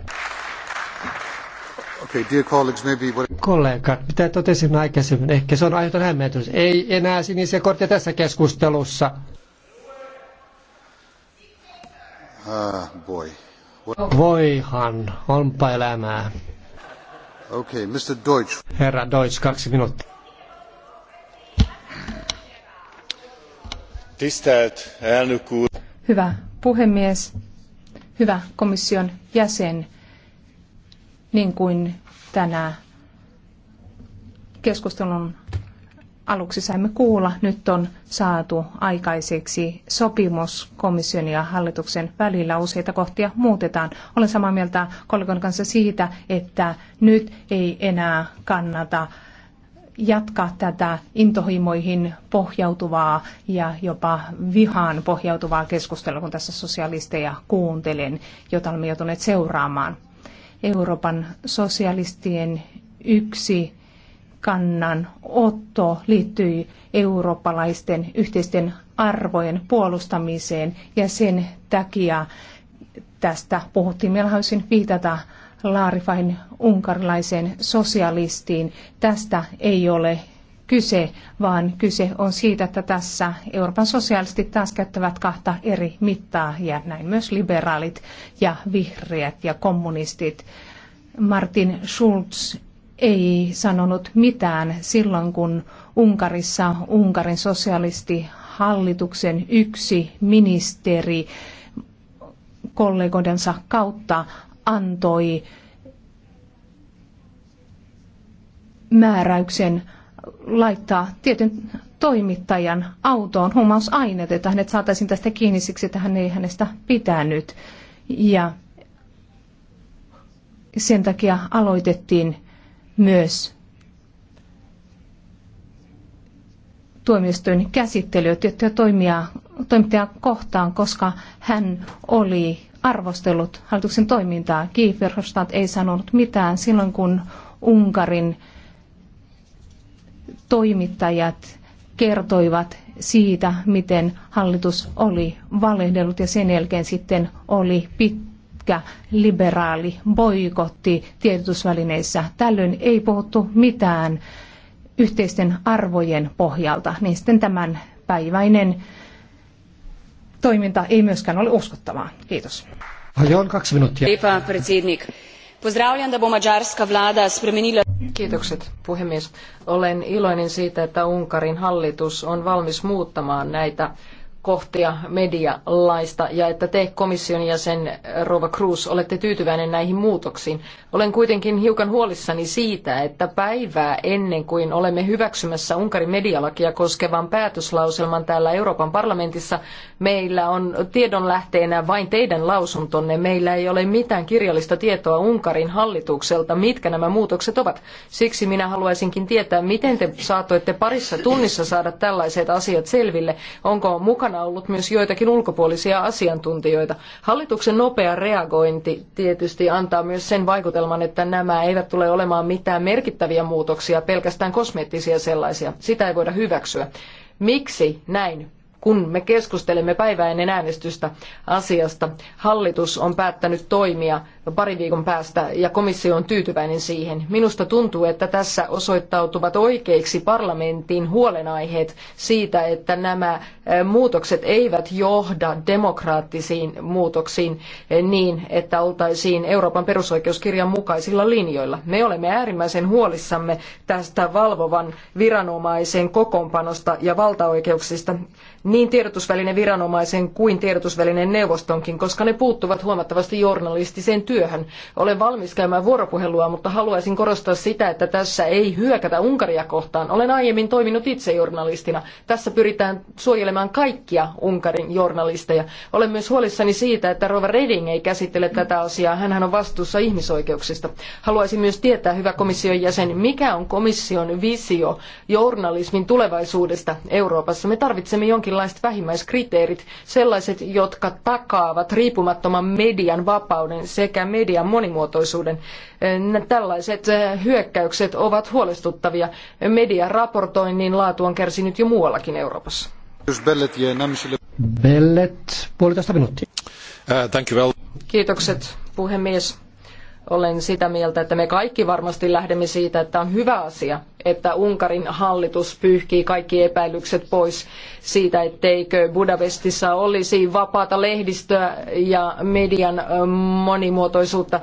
Okay, dear colleagues, maybe... Kollegat, mitä totesin aikaisemmin, ehkä se on aiheuttanut hämmentys. Ei enää sinisiä kortteja tässä keskustelussa. Ah, boy. What... Voihan, onpa elämää. Okay, Mr. Deutsch. Herra Deutsch, kaksi minuuttia. Hyvä puhemies, hyvä komission jäsen niin kuin tänä keskustelun aluksi saimme kuulla, nyt on saatu aikaiseksi sopimus komission ja hallituksen välillä. Useita kohtia muutetaan. Olen samaa mieltä kollegon kanssa siitä, että nyt ei enää kannata jatkaa tätä intohimoihin pohjautuvaa ja jopa vihaan pohjautuvaa keskustelua, kun tässä sosialisteja kuuntelen, jota olemme joutuneet seuraamaan. Euroopan sosialistien yksi kannanotto liittyi eurooppalaisten yhteisten arvojen puolustamiseen ja sen takia tästä puhuttiin. Meillä haluaisin viitata Laarifain unkarilaiseen sosialistiin. Tästä ei ole kyse, vaan kyse on siitä, että tässä Euroopan sosialistit taas käyttävät kahta eri mittaa ja näin myös liberaalit ja vihreät ja kommunistit. Martin Schulz ei sanonut mitään silloin, kun Unkarissa Unkarin sosialistihallituksen yksi ministeri kollegoidensa kautta antoi määräyksen laittaa tietyn toimittajan autoon huumausaineet, että hänet saataisiin tästä kiinni siksi, että hän ei hänestä pitänyt. Ja sen takia aloitettiin myös tuomioistuin käsittely tiettyä toimia, toimittajaa kohtaan, koska hän oli arvostellut hallituksen toimintaa. Guy ei sanonut mitään silloin, kun Unkarin toimittajat kertoivat siitä, miten hallitus oli valehdellut ja sen jälkeen sitten oli pitkä liberaali boikotti tiedotusvälineissä. Tällöin ei puhuttu mitään yhteisten arvojen pohjalta, niin sitten tämän päiväinen toiminta ei myöskään ole uskottavaa. Kiitos. Hajoon kaksi minuuttia. Lepa, Pozdravljam, da bo mađarska vlada spremenila... Kiitokset puhemies. Olen iloinen siitä, että Unkarin hallitus on valmis muuttamaan näitä kohtia medialaista ja että te komission jäsen Rova Cruz olette tyytyväinen näihin muutoksiin. Olen kuitenkin hiukan huolissani siitä, että päivää ennen kuin olemme hyväksymässä Unkarin medialakia koskevan päätöslauselman täällä Euroopan parlamentissa, meillä on tiedonlähteenä vain teidän lausuntonne. Meillä ei ole mitään kirjallista tietoa Unkarin hallitukselta, mitkä nämä muutokset ovat. Siksi minä haluaisinkin tietää, miten te saatoitte parissa tunnissa saada tällaiset asiat selville. Onko mukana mukana ollut myös joitakin ulkopuolisia asiantuntijoita. Hallituksen nopea reagointi tietysti antaa myös sen vaikutelman, että nämä eivät tule olemaan mitään merkittäviä muutoksia, pelkästään kosmeettisia sellaisia. Sitä ei voida hyväksyä. Miksi näin kun me keskustelemme päivää ennen äänestystä asiasta, hallitus on päättänyt toimia pari viikon päästä ja komissio on tyytyväinen siihen. Minusta tuntuu, että tässä osoittautuvat oikeiksi parlamentin huolenaiheet siitä, että nämä eh, muutokset eivät johda demokraattisiin muutoksiin eh, niin, että oltaisiin Euroopan perusoikeuskirjan mukaisilla linjoilla. Me olemme äärimmäisen huolissamme tästä valvovan viranomaisen kokoonpanosta ja valtaoikeuksista niin tiedotusvälineen viranomaisen kuin tiedotusvälineen neuvostonkin, koska ne puuttuvat huomattavasti journalistiseen työhön. Olen valmis käymään vuoropuhelua, mutta haluaisin korostaa sitä, että tässä ei hyökätä Unkaria kohtaan. Olen aiemmin toiminut itse journalistina. Tässä pyritään suojelemaan kaikkia Unkarin journalisteja. Olen myös huolissani siitä, että Rova Reding ei käsittele tätä asiaa. Hänhän on vastuussa ihmisoikeuksista. Haluaisin myös tietää, hyvä komission jäsen, mikä on komission visio journalismin tulevaisuudesta Euroopassa. Me tarvitsemme jonkin jonkinlaiset vähimmäiskriteerit, sellaiset, jotka takaavat riippumattoman median vapauden sekä median monimuotoisuuden. Tällaiset hyökkäykset ovat huolestuttavia. Median raportoinnin laatu on kärsinyt jo muuallakin Euroopassa. Bellet, puolitoista minuuttia. thank you well. Kiitokset, puhemies. Olen sitä mieltä, että me kaikki varmasti lähdemme siitä, että on hyvä asia, että Unkarin hallitus pyyhkii kaikki epäilykset pois siitä, etteikö Budapestissa olisi vapaata lehdistöä ja median monimuotoisuutta.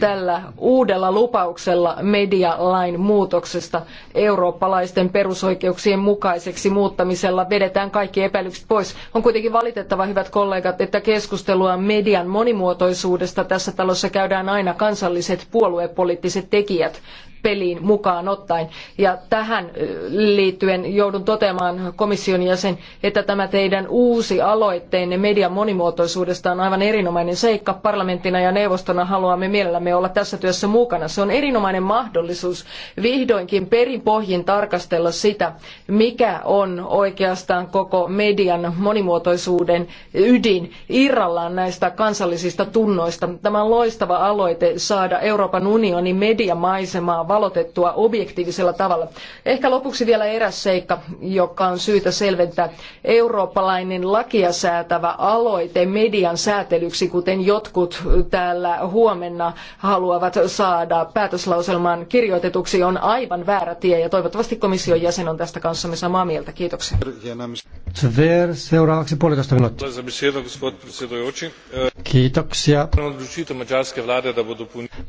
Tällä uudella lupauksella medialain muutoksesta eurooppalaisten perusoikeuksien mukaiseksi muuttamisella vedetään kaikki epäilykset pois. On kuitenkin valitettava, hyvät kollegat, että keskustelua median monimuotoisuudesta tässä talossa käydään aina kansalliset puoluepoliittiset tekijät peliin mukaan ottaen. Ja tähän liittyen joudun toteamaan komission jäsen, että tämä teidän uusi aloitteenne median monimuotoisuudesta on aivan erinomainen seikka. Parlamenttina ja neuvostona haluamme mielellämme olla tässä työssä mukana. Se on erinomainen mahdollisuus vihdoinkin perinpohjin tarkastella sitä, mikä on oikeastaan koko median monimuotoisuuden ydin irrallaan näistä kansallisista tunnoista. Tämä on loistava aloite saada Euroopan unionin mediamaisemaa valotettua objektiivisella tavalla. Ehkä lopuksi vielä eräs seikka, joka on syytä selventää. Eurooppalainen lakia säätävä aloite median säätelyksi, kuten jotkut täällä huomenna haluavat saada päätöslauselman kirjoitetuksi, on aivan väärä tie ja toivottavasti komission jäsen on tästä kanssamme samaa mieltä. Kiitoksia. Tver, seuraavaksi puolitoista minuuttia. Kiitoksia.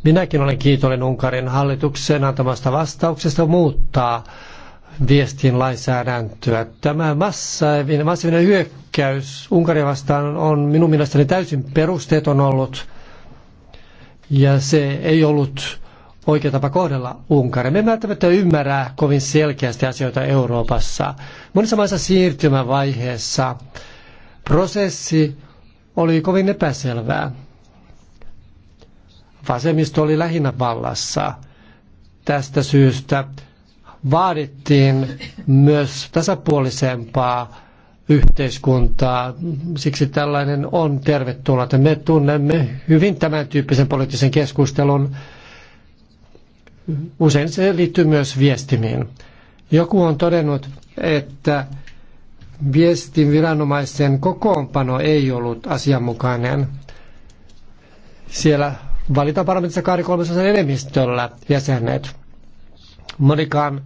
Minäkin olen kiitollinen Unkarin hallitukselle hallituksen antamasta vastauksesta muuttaa viestin lainsäädäntöä. Tämä massiivinen, massiivinen hyökkäys Unkaria vastaan on minun mielestäni täysin perusteeton ollut ja se ei ollut oikea tapa kohdella Unkaria. Me emme välttämättä ymmärrä kovin selkeästi asioita Euroopassa. Monissa maissa siirtymävaiheessa prosessi oli kovin epäselvää. Vasemmisto oli lähinnä vallassa – Tästä syystä vaadittiin myös tasapuolisempaa yhteiskuntaa. Siksi tällainen on tervetullut. Me tunnemme hyvin tämän tyyppisen poliittisen keskustelun. Usein se liittyy myös viestimiin. Joku on todennut, että viestin viranomaisen kokoonpano ei ollut asianmukainen. Siellä valitaan parlamentissa 23 enemmistöllä jäsenet. Monikaan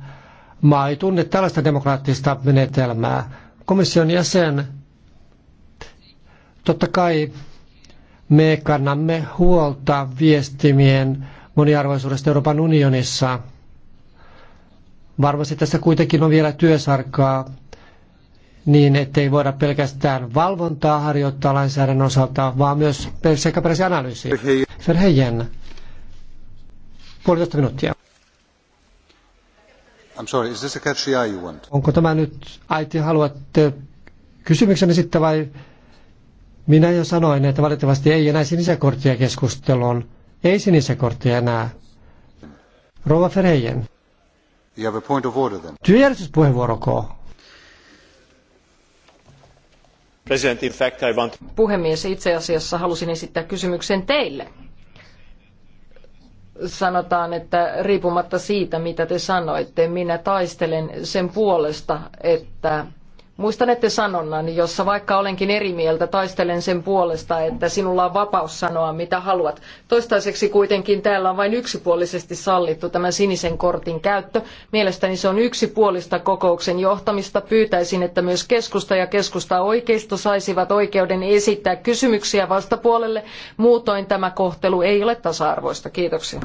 maa ei tunne tällaista demokraattista menetelmää. Komission jäsen, totta kai me kannamme huolta viestimien moniarvoisuudesta Euroopan unionissa. Varmasti tässä kuitenkin on vielä työsarkaa niin, ettei voida pelkästään valvontaa harjoittaa lainsäädännön osalta, vaan myös sekä analyysiä. Verheijen, puolitoista minuuttia. I'm sorry, is this a catch the eye you want? Onko tämä nyt, äiti, haluatte kysymyksen esittää vai minä jo sanoin, että valitettavasti ei enää sinisiä kortteja keskusteluun. Ei sinisiä kortteja enää. Rouva Fereijen. You have a point of order then. Työjärjestyspuheenvuoroko? President, in fact, I want... Puhemies, itse asiassa halusin esittää kysymyksen teille sanotaan, että riippumatta siitä, mitä te sanoitte, minä taistelen sen puolesta, että Muistanette sanonnan, jossa vaikka olenkin eri mieltä, taistelen sen puolesta, että sinulla on vapaus sanoa mitä haluat. Toistaiseksi kuitenkin täällä on vain yksipuolisesti sallittu tämä sinisen kortin käyttö. Mielestäni se on yksipuolista kokouksen johtamista. Pyytäisin, että myös keskusta ja keskusta oikeisto saisivat oikeuden esittää kysymyksiä vastapuolelle. Muutoin tämä kohtelu ei ole tasa-arvoista. Kiitoksia.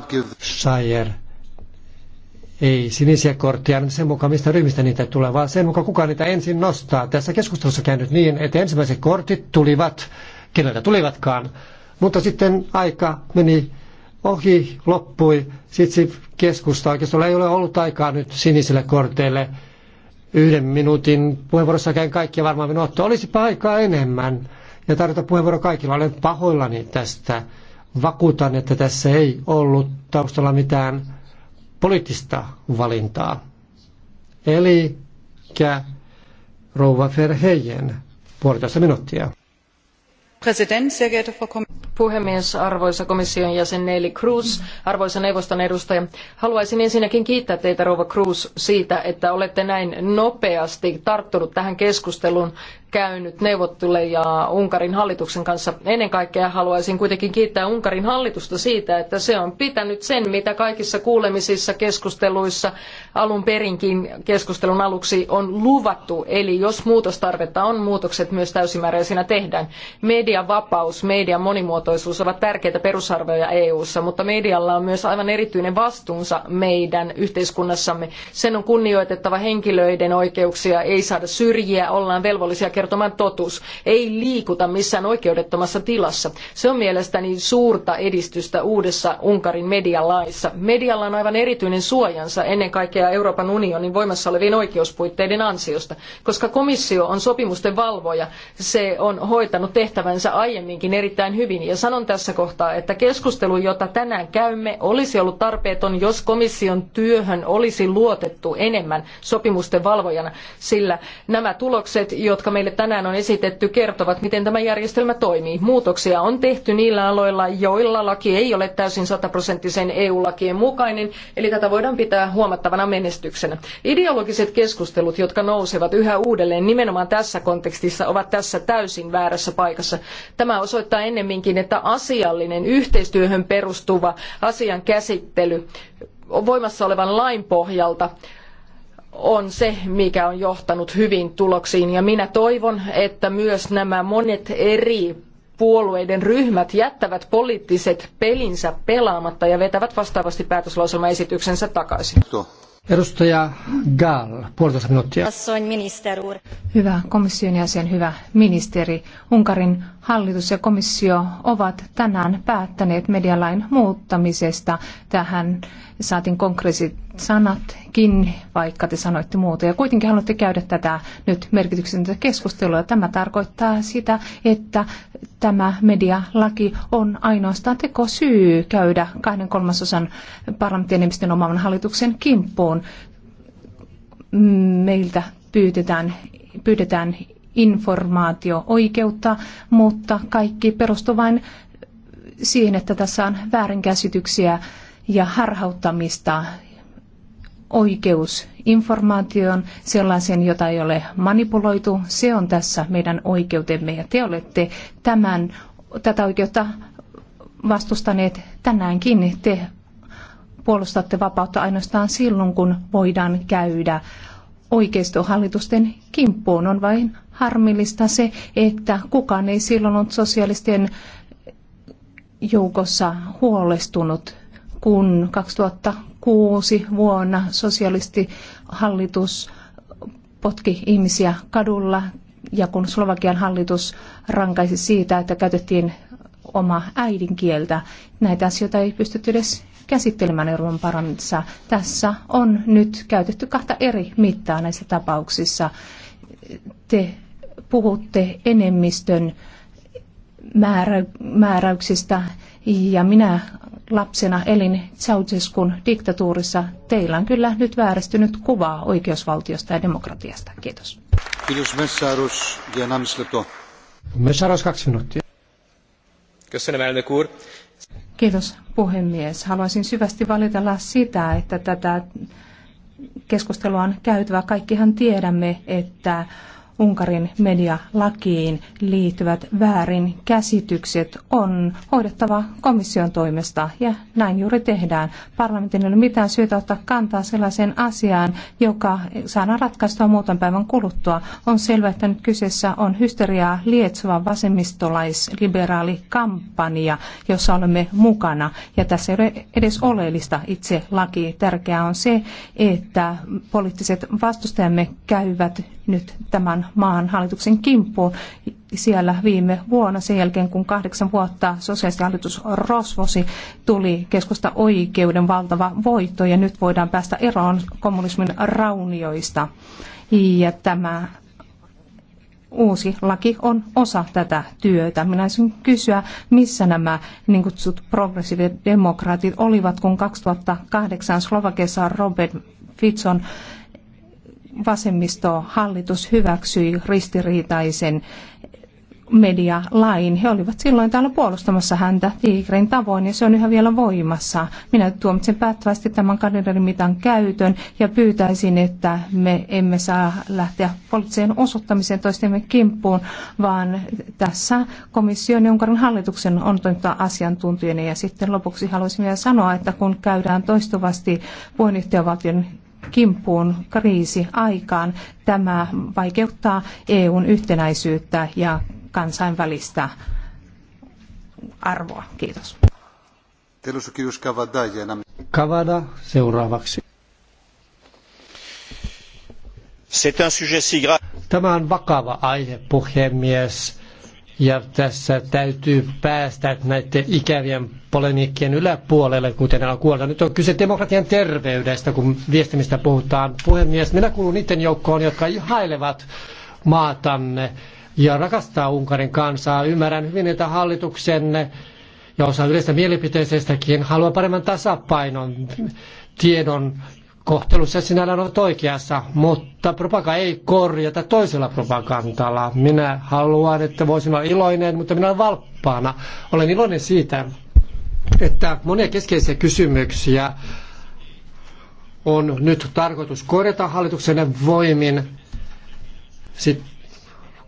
Ei sinisiä kortteja niin sen mukaan, mistä ryhmistä niitä tulee, vaan sen mukaan, kuka niitä ensin nostaa. Tässä keskustelussa käynyt niin, että ensimmäiset kortit tulivat, keneltä tulivatkaan, mutta sitten aika meni ohi, loppui. Sitten keskusta oikeastaan ei ole ollut aikaa nyt sinisille korteille. Yhden minuutin puheenvuorossa käyn kaikkia varmaan minun ottaa. Olisi aikaa enemmän ja tarjota puheenvuoro kaikilla. Olen pahoillani tästä. Vakuutan, että tässä ei ollut taustalla mitään poliittista valintaa. Eli rouva Verheyen, puolitoista minuuttia. President, sehr geehrte Frau Kommissarin puhemies, arvoisa komission jäsen neili Cruz, arvoisa neuvoston edustaja. Haluaisin ensinnäkin kiittää teitä, Rouva Cruz, siitä, että olette näin nopeasti tarttunut tähän keskusteluun käynyt neuvottele ja Unkarin hallituksen kanssa. Ennen kaikkea haluaisin kuitenkin kiittää Unkarin hallitusta siitä, että se on pitänyt sen, mitä kaikissa kuulemisissa, keskusteluissa, alun perinkin keskustelun aluksi on luvattu. Eli jos muutostarvetta on, muutokset myös täysimääräisinä tehdään. Mediavapaus, median monimuotoisuus, monimuotoisuus ovat tärkeitä perusarvoja EU:ssa, mutta medialla on myös aivan erityinen vastuunsa meidän yhteiskunnassamme. Sen on kunnioitettava henkilöiden oikeuksia, ei saada syrjiä, ollaan velvollisia kertomaan totuus, ei liikuta missään oikeudettomassa tilassa. Se on mielestäni suurta edistystä uudessa Unkarin medialaissa. Medialla on aivan erityinen suojansa ennen kaikkea Euroopan unionin voimassa olevien oikeuspuitteiden ansiosta, koska komissio on sopimusten valvoja, se on hoitanut tehtävänsä aiemminkin erittäin hyvin ja sanon tässä kohtaa, että keskustelu, jota tänään käymme, olisi ollut tarpeeton, jos komission työhön olisi luotettu enemmän sopimusten valvojana, sillä nämä tulokset, jotka meille tänään on esitetty, kertovat, miten tämä järjestelmä toimii. Muutoksia on tehty niillä aloilla, joilla laki ei ole täysin sataprosenttisen EU-lakien mukainen, eli tätä voidaan pitää huomattavana menestyksenä. Ideologiset keskustelut, jotka nousevat yhä uudelleen nimenomaan tässä kontekstissa, ovat tässä täysin väärässä paikassa. Tämä osoittaa ennemminkin, että asiallinen yhteistyöhön perustuva asian käsittely voimassa olevan lain pohjalta on se, mikä on johtanut hyvin tuloksiin. Ja minä toivon, että myös nämä monet eri puolueiden ryhmät jättävät poliittiset pelinsä pelaamatta ja vetävät vastaavasti päätöslauselmaesityksensä takaisin. Edustaja Gall, puolitoista minuuttia. Hyvä komission jäsen, hyvä ministeri. Unkarin hallitus ja komissio ovat tänään päättäneet medialain muuttamisesta tähän saatiin konkreettiset sanatkin, vaikka te sanoitte muuta. Ja kuitenkin haluatte käydä tätä nyt merkityksellistä keskustelua. Tämä tarkoittaa sitä, että tämä medialaki on ainoastaan tekosyy käydä kahden kolmasosan parlamenttien oman hallituksen kimppuun. Meiltä pyydetään, pyydetään informaatio-oikeutta, mutta kaikki perustuu vain siihen, että tässä on väärinkäsityksiä ja harhauttamista oikeus informaatioon, sellaisen, jota ei ole manipuloitu, se on tässä meidän oikeutemme ja te olette tämän, tätä oikeutta vastustaneet tänäänkin. Te puolustatte vapautta ainoastaan silloin, kun voidaan käydä oikeistohallitusten kimppuun. On vain harmillista se, että kukaan ei silloin ollut sosialistien joukossa huolestunut kun 2006 vuonna sosialistihallitus potki ihmisiä kadulla ja kun Slovakian hallitus rankaisi siitä, että käytettiin omaa äidinkieltä. Näitä asioita ei pystytty edes käsittelemään Euroopan parlamentissa. Tässä on nyt käytetty kahta eri mittaa näissä tapauksissa. Te puhutte enemmistön määrä, määräyksistä ja minä lapsena elin Ceausescun diktatuurissa. Teillä on kyllä nyt vääristynyt kuvaa oikeusvaltiosta ja demokratiasta. Kiitos. Kiitos Messarus ja kaksi minuuttia. Kiitos puhemies. Haluaisin syvästi valitella sitä, että tätä keskustelua on käytävä. Kaikkihan tiedämme, että Unkarin medialakiin liittyvät väärin käsitykset on hoidettava komission toimesta ja näin juuri tehdään. Parlamentin ei ole mitään syytä ottaa kantaa sellaiseen asiaan, joka saadaan ratkaistua muutaman päivän kuluttua. On selvää, että nyt kyseessä on hysteriaa lietsova vasemmistolaisliberaali kampanja, jossa olemme mukana. Ja tässä ei ole edes oleellista itse laki. Tärkeää on se, että poliittiset vastustajamme käyvät nyt tämän maan hallituksen kimppuun siellä viime vuonna sen jälkeen, kun kahdeksan vuotta sosiaalihallitus rosvosi, tuli keskusta oikeuden valtava voitto ja nyt voidaan päästä eroon kommunismin raunioista. Ja tämä uusi laki on osa tätä työtä. Minä olisin kysyä, missä nämä niin kutsut progressiiviset demokraatit olivat, kun 2008 Slovakiassa Robert Fitson vasemmistohallitus hyväksyi ristiriitaisen medialain. He olivat silloin täällä puolustamassa häntä tiikrin tavoin ja se on yhä vielä voimassa. Minä tuomitsen päättävästi tämän kalenderimitan käytön ja pyytäisin, että me emme saa lähteä poliittiseen osoittamiseen toistemme kimppuun, vaan tässä komission ja Unkarin hallituksen on toimittaa asiantuntijoina. Ja sitten lopuksi haluaisin vielä sanoa, että kun käydään toistuvasti puheenjohtajavaltion kimppuun kriisi aikaan. Tämä vaikeuttaa EUn yhtenäisyyttä ja kansainvälistä arvoa. Kiitos. Kavada seuraavaksi. Tämä on vakava aihe, puhemies. Ja tässä täytyy päästä näiden ikävien polemiikkien yläpuolelle, kuten alkuolta. Nyt on kyse demokratian terveydestä, kun viestimistä puhutaan. Puhemies, minä kuulun niiden joukkoon, jotka ihailevat maatanne ja rakastaa Unkarin kansaa. Ymmärrän hyvin, että hallituksenne ja osa yleistä mielipiteisestäkin haluaa paremman tasapainon tiedon kohtelussa sinä olet oikeassa, mutta propaganda ei korjata toisella propagandalla. Minä haluan, että voisin olla iloinen, mutta minä olen valppaana. Olen iloinen siitä, että monia keskeisiä kysymyksiä on nyt tarkoitus korjata hallituksen voimin sit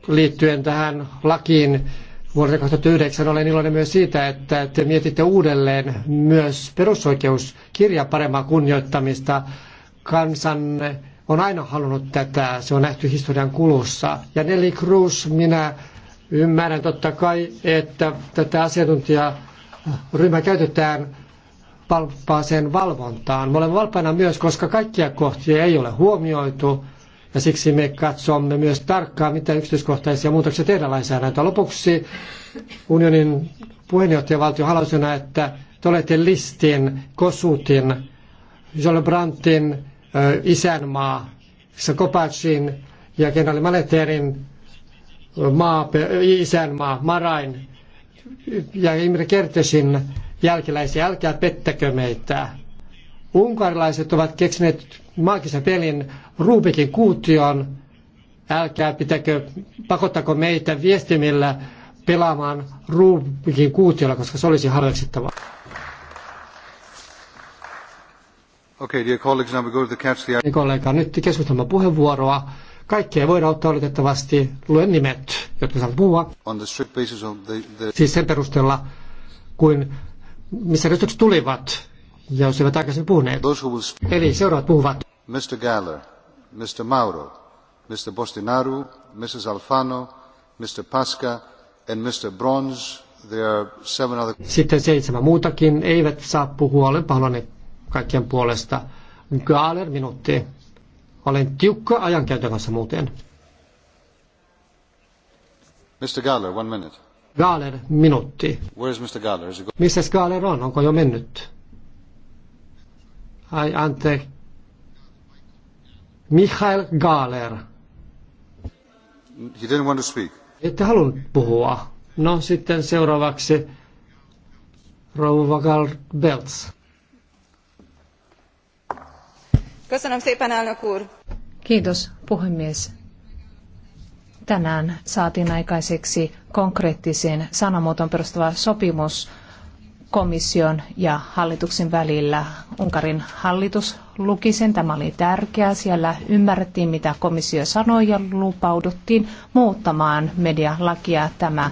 liittyen tähän lakiin vuodelta 2009. Olen iloinen myös siitä, että te mietitte uudelleen myös perusoikeuskirjan paremmaa kunnioittamista Kansan on aina halunnut tätä, se on nähty historian kulussa. Ja Nelly Cruz, minä ymmärrän totta kai, että tätä asiantuntijaryhmää käytetään valppaaseen valvontaan. Me olemme valppaina myös, koska kaikkia kohtia ei ole huomioitu, ja siksi me katsomme myös tarkkaan, mitä yksityiskohtaisia muutoksia tehdään lainsäädäntöön. Lopuksi unionin puheenjohtajavaltio haluaisena, että te olette listin, Kosutin, Jolle Brantin, isänmaa Skopacin ja kenraali Maleterin maa, isänmaa Marain ja Imre Kertesin jälkeläisiä, älkää pettäkö meitä. Unkarilaiset ovat keksineet maagisen pelin Rubikin kuution, älkää pitäkö, pakottako meitä viestimillä pelaamaan Rubikin kuutiolla, koska se olisi harraksittavaa. Okay, dear colleagues, now we go to the catch the... Niin kollega, nyt keskustelman puheenvuoroa. Kaikkea voidaan ottaa oletettavasti. Luen nimet, jotka saavat puhua. On the strict basis of the, the... Siis sen perusteella, kuin missä ristykset tulivat ja jos eivät aikaisemmin puhuneet. Those who will speak. Eli seuraavat puhuvat. Mr. Galler, Mr. Mauro, Mr. Bostinaru, Mrs. Alfano, Mr. Pasca and Mr. Bronze. There are seven other... Sitten seitsemän muutakin eivät saa puhua. Olen pahoillani kaikkien puolesta. Gaaler minuutti. Olen tiukka ajankäytön kanssa muuten. Mr. Gaaler, one minute. Gaaler, minuutti. Where is Mr. Gaaler? Is he... Missäs Gaaler on? Onko jo mennyt? Ai, anteeksi. Michael Gaaler. He didn't want to speak. Ette halunnut puhua. No sitten seuraavaksi Rouva Belts. Kiitos puhemies. Tänään saatiin aikaiseksi konkreettisen sanamuoton perustuva sopimus komission ja hallituksen välillä. Unkarin hallitus luki sen, tämä oli tärkeää. Siellä ymmärrettiin, mitä komissio sanoi ja lupauduttiin muuttamaan medialakia. Tämä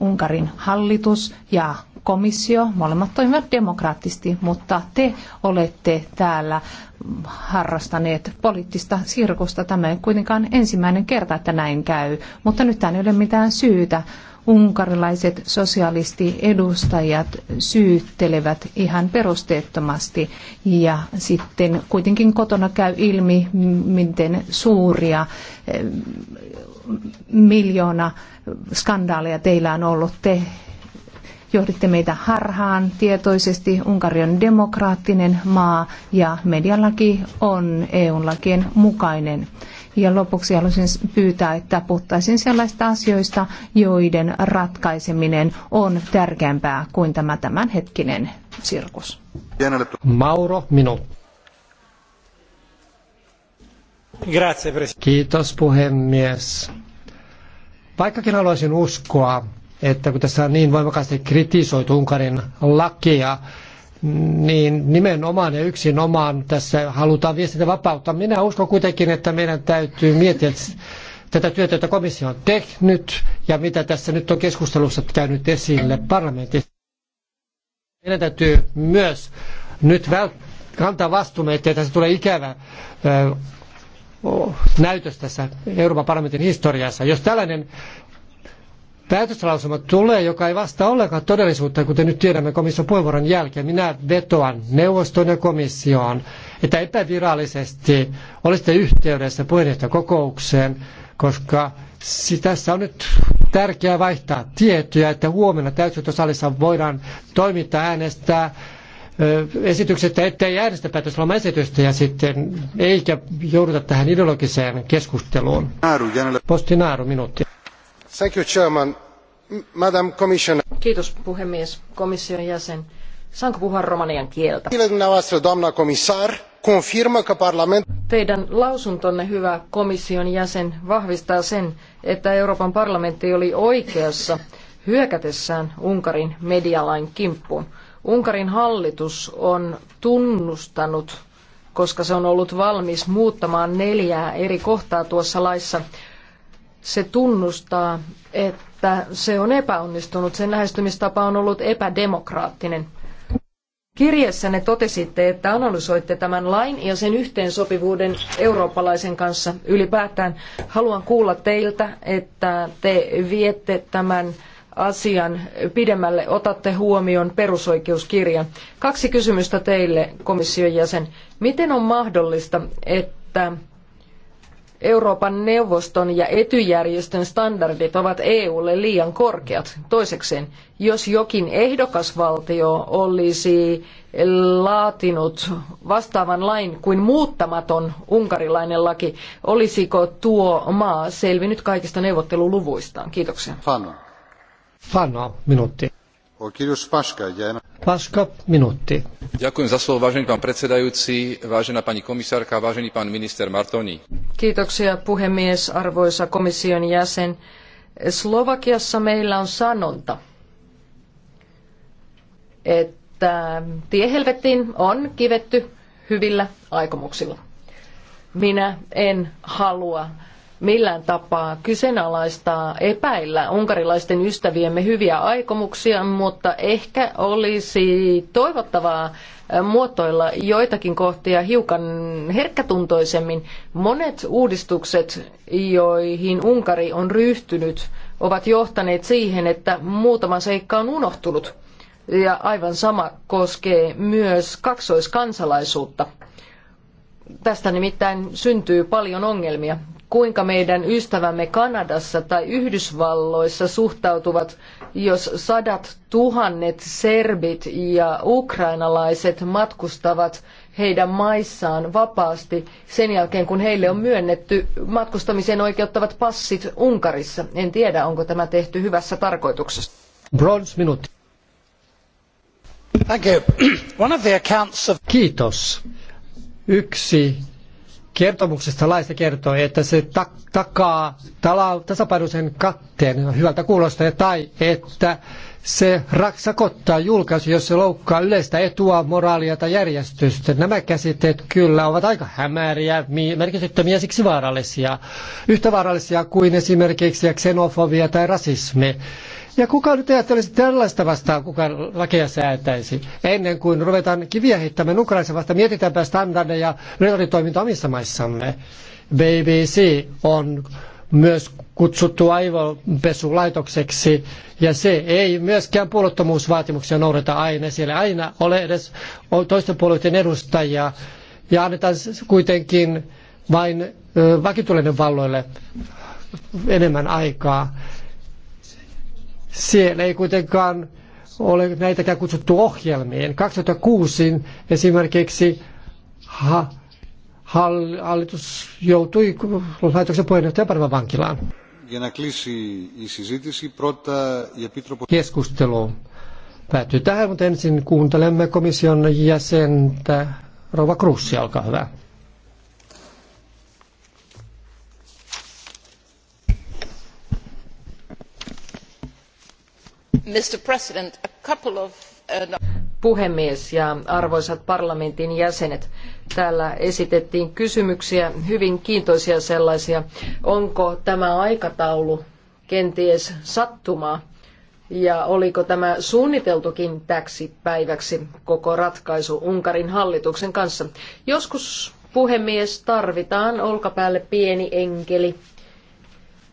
Unkarin hallitus ja komissio, molemmat toimivat demokraattisesti, mutta te olette täällä harrastaneet poliittista sirkusta. Tämä ei kuitenkaan ensimmäinen kerta, että näin käy, mutta nyt ei ole mitään syytä. Unkarilaiset sosialistiedustajat syyttelevät ihan perusteettomasti ja sitten kuitenkin kotona käy ilmi, miten suuria eh, miljoona skandaalia teillä on ollut. Te johditte meitä harhaan tietoisesti. Unkari on demokraattinen maa ja medialaki on EU-lakien mukainen. Ja lopuksi haluaisin pyytää, että puhuttaisiin sellaista asioista, joiden ratkaiseminen on tärkeämpää kuin tämä tämänhetkinen sirkus. Mauro, minuutti. Kiitos puhemies. Vaikkakin haluaisin uskoa, että kun tässä on niin voimakkaasti kritisoitu Unkarin lakia, niin nimenomaan ja yksinomaan tässä halutaan vapautta. Minä uskon kuitenkin, että meidän täytyy miettiä tätä työtä, jota komissio on tehnyt ja mitä tässä nyt on keskustelussa käynyt esille parlamentissa. Meidän täytyy myös nyt vält- kantaa vastuumme, ettei tässä tule ikävä näytös tässä Euroopan parlamentin historiassa. Jos tällainen päätöslausuma tulee, joka ei vastaa ollenkaan todellisuutta, kuten nyt tiedämme komission puheenvuoron jälkeen, minä vetoan neuvoston ja komissioon, että epävirallisesti olisitte yhteydessä puheenjohtajakokoukseen, koska tässä on nyt tärkeää vaihtaa tietoja, että huomenna täysistuntosalissa voidaan toimittaa äänestää esityksestä, ettei järjestä päätöslaumaesitystä ja sitten eikä jouduta tähän ideologiseen keskusteluun. Postinaaru minuutti. Thank you, Chairman. Madam Commissioner. Kiitos puhemies, komission jäsen. Saanko puhua romanian kieltä? Teidän lausuntonne, hyvä komission jäsen, vahvistaa sen, että Euroopan parlamentti oli oikeassa hyökätessään Unkarin medialain kimppuun. Unkarin hallitus on tunnustanut, koska se on ollut valmis muuttamaan neljää eri kohtaa tuossa laissa, se tunnustaa, että se on epäonnistunut. Sen lähestymistapa on ollut epädemokraattinen. Kirjeessänne totesitte, että analysoitte tämän lain ja sen yhteensopivuuden eurooppalaisen kanssa ylipäätään. Haluan kuulla teiltä, että te viette tämän asian pidemmälle otatte huomioon perusoikeuskirjan. Kaksi kysymystä teille, komission jäsen. Miten on mahdollista, että Euroopan neuvoston ja etyjärjestön standardit ovat EUlle liian korkeat. Toisekseen, jos jokin ehdokasvaltio olisi laatinut vastaavan lain kuin muuttamaton unkarilainen laki, olisiko tuo maa selvinnyt kaikista neuvotteluluvuistaan? Kiitoksia. Fano, minuutti. Paška, minuutti. Ďakujem za slovo, vážený pán predsedajúci, vážená pani komisárka, vážený pán minister Martoni. Kiitoksia puhemies, arvoisa komission jäsen. Slovakiassa meillä on sanonta, että tiehelvetin on kivetty hyvillä aikomuksilla. Minä en halua millään tapaa kyseenalaistaa, epäillä unkarilaisten ystäviemme hyviä aikomuksia, mutta ehkä olisi toivottavaa muotoilla joitakin kohtia hiukan herkkätuntoisemmin. Monet uudistukset, joihin Unkari on ryhtynyt, ovat johtaneet siihen, että muutama seikka on unohtunut. Ja aivan sama koskee myös kaksoiskansalaisuutta. Tästä nimittäin syntyy paljon ongelmia kuinka meidän ystävämme Kanadassa tai Yhdysvalloissa suhtautuvat, jos sadat tuhannet serbit ja ukrainalaiset matkustavat heidän maissaan vapaasti sen jälkeen, kun heille on myönnetty matkustamiseen oikeuttavat passit Unkarissa. En tiedä, onko tämä tehty hyvässä tarkoituksessa. minuutti. Kiitos. Yksi kertomuksesta laista kertoi, että se takaa tala- tasapainoisen katteen hyvältä kuulosta tai että se sakottaa julkaisu, jos se loukkaa yleistä etua, moraalia tai järjestystä. Nämä käsitteet kyllä ovat aika hämäriä, merkityksettömiä siksi vaarallisia. Yhtä vaarallisia kuin esimerkiksi ksenofobia tai rasismi. Ja kuka nyt ajattelisi tällaista vastaan, kuka lakeja säätäisi, ennen kuin ruvetaan kiviä heittämään Ukrainassa vasta, mietitäänpä standardeja reaalitoiminta omissa maissamme. BBC on myös kutsuttu aivopesulaitokseksi, ja se ei myöskään puolottomuusvaatimuksia noudata aina. Siellä aina ole edes toisten puolueiden edustajia, ja annetaan kuitenkin vain vakituinen valloille enemmän aikaa. Siellä ei kuitenkaan ole näitäkään kutsuttu ohjelmiin. 2006 esimerkiksi ha, hallitus joutui laitoksen puheenjohtajan parvan vankilaan. Keskustelu päättyy tähän, mutta ensin kuuntelemme komission jäsentä. Rova Krussi, olkaa hyvä. Uh, no- puhemies ja arvoisat parlamentin jäsenet. Täällä esitettiin kysymyksiä, hyvin kiintoisia sellaisia. Onko tämä aikataulu kenties sattumaa? Ja oliko tämä suunniteltukin täksi päiväksi koko ratkaisu Unkarin hallituksen kanssa? Joskus, puhemies, tarvitaan olkapäälle pieni enkeli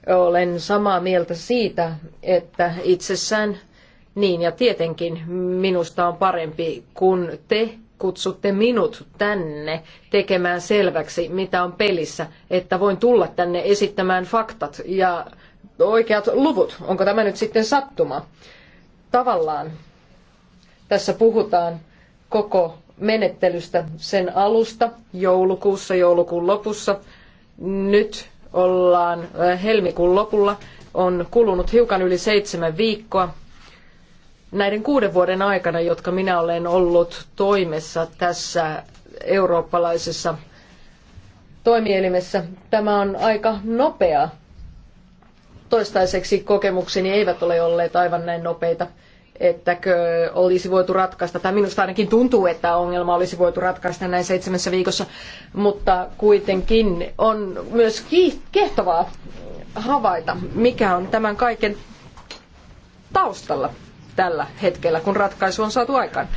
olen samaa mieltä siitä, että itsessään niin ja tietenkin minusta on parempi, kun te kutsutte minut tänne tekemään selväksi, mitä on pelissä, että voin tulla tänne esittämään faktat ja oikeat luvut. Onko tämä nyt sitten sattuma? Tavallaan tässä puhutaan koko menettelystä sen alusta joulukuussa, joulukuun lopussa, nyt ollaan äh, helmikuun lopulla. On kulunut hiukan yli seitsemän viikkoa. Näiden kuuden vuoden aikana, jotka minä olen ollut toimessa tässä eurooppalaisessa toimielimessä, tämä on aika nopea. Toistaiseksi kokemukseni eivät ole olleet aivan näin nopeita ettäkö olisi voitu ratkaista, tai minusta ainakin tuntuu, että ongelma olisi voitu ratkaista näin seitsemässä viikossa, mutta kuitenkin on myös kiehtovaa havaita, mikä on tämän kaiken taustalla tällä hetkellä, kun ratkaisu on saatu aikaan.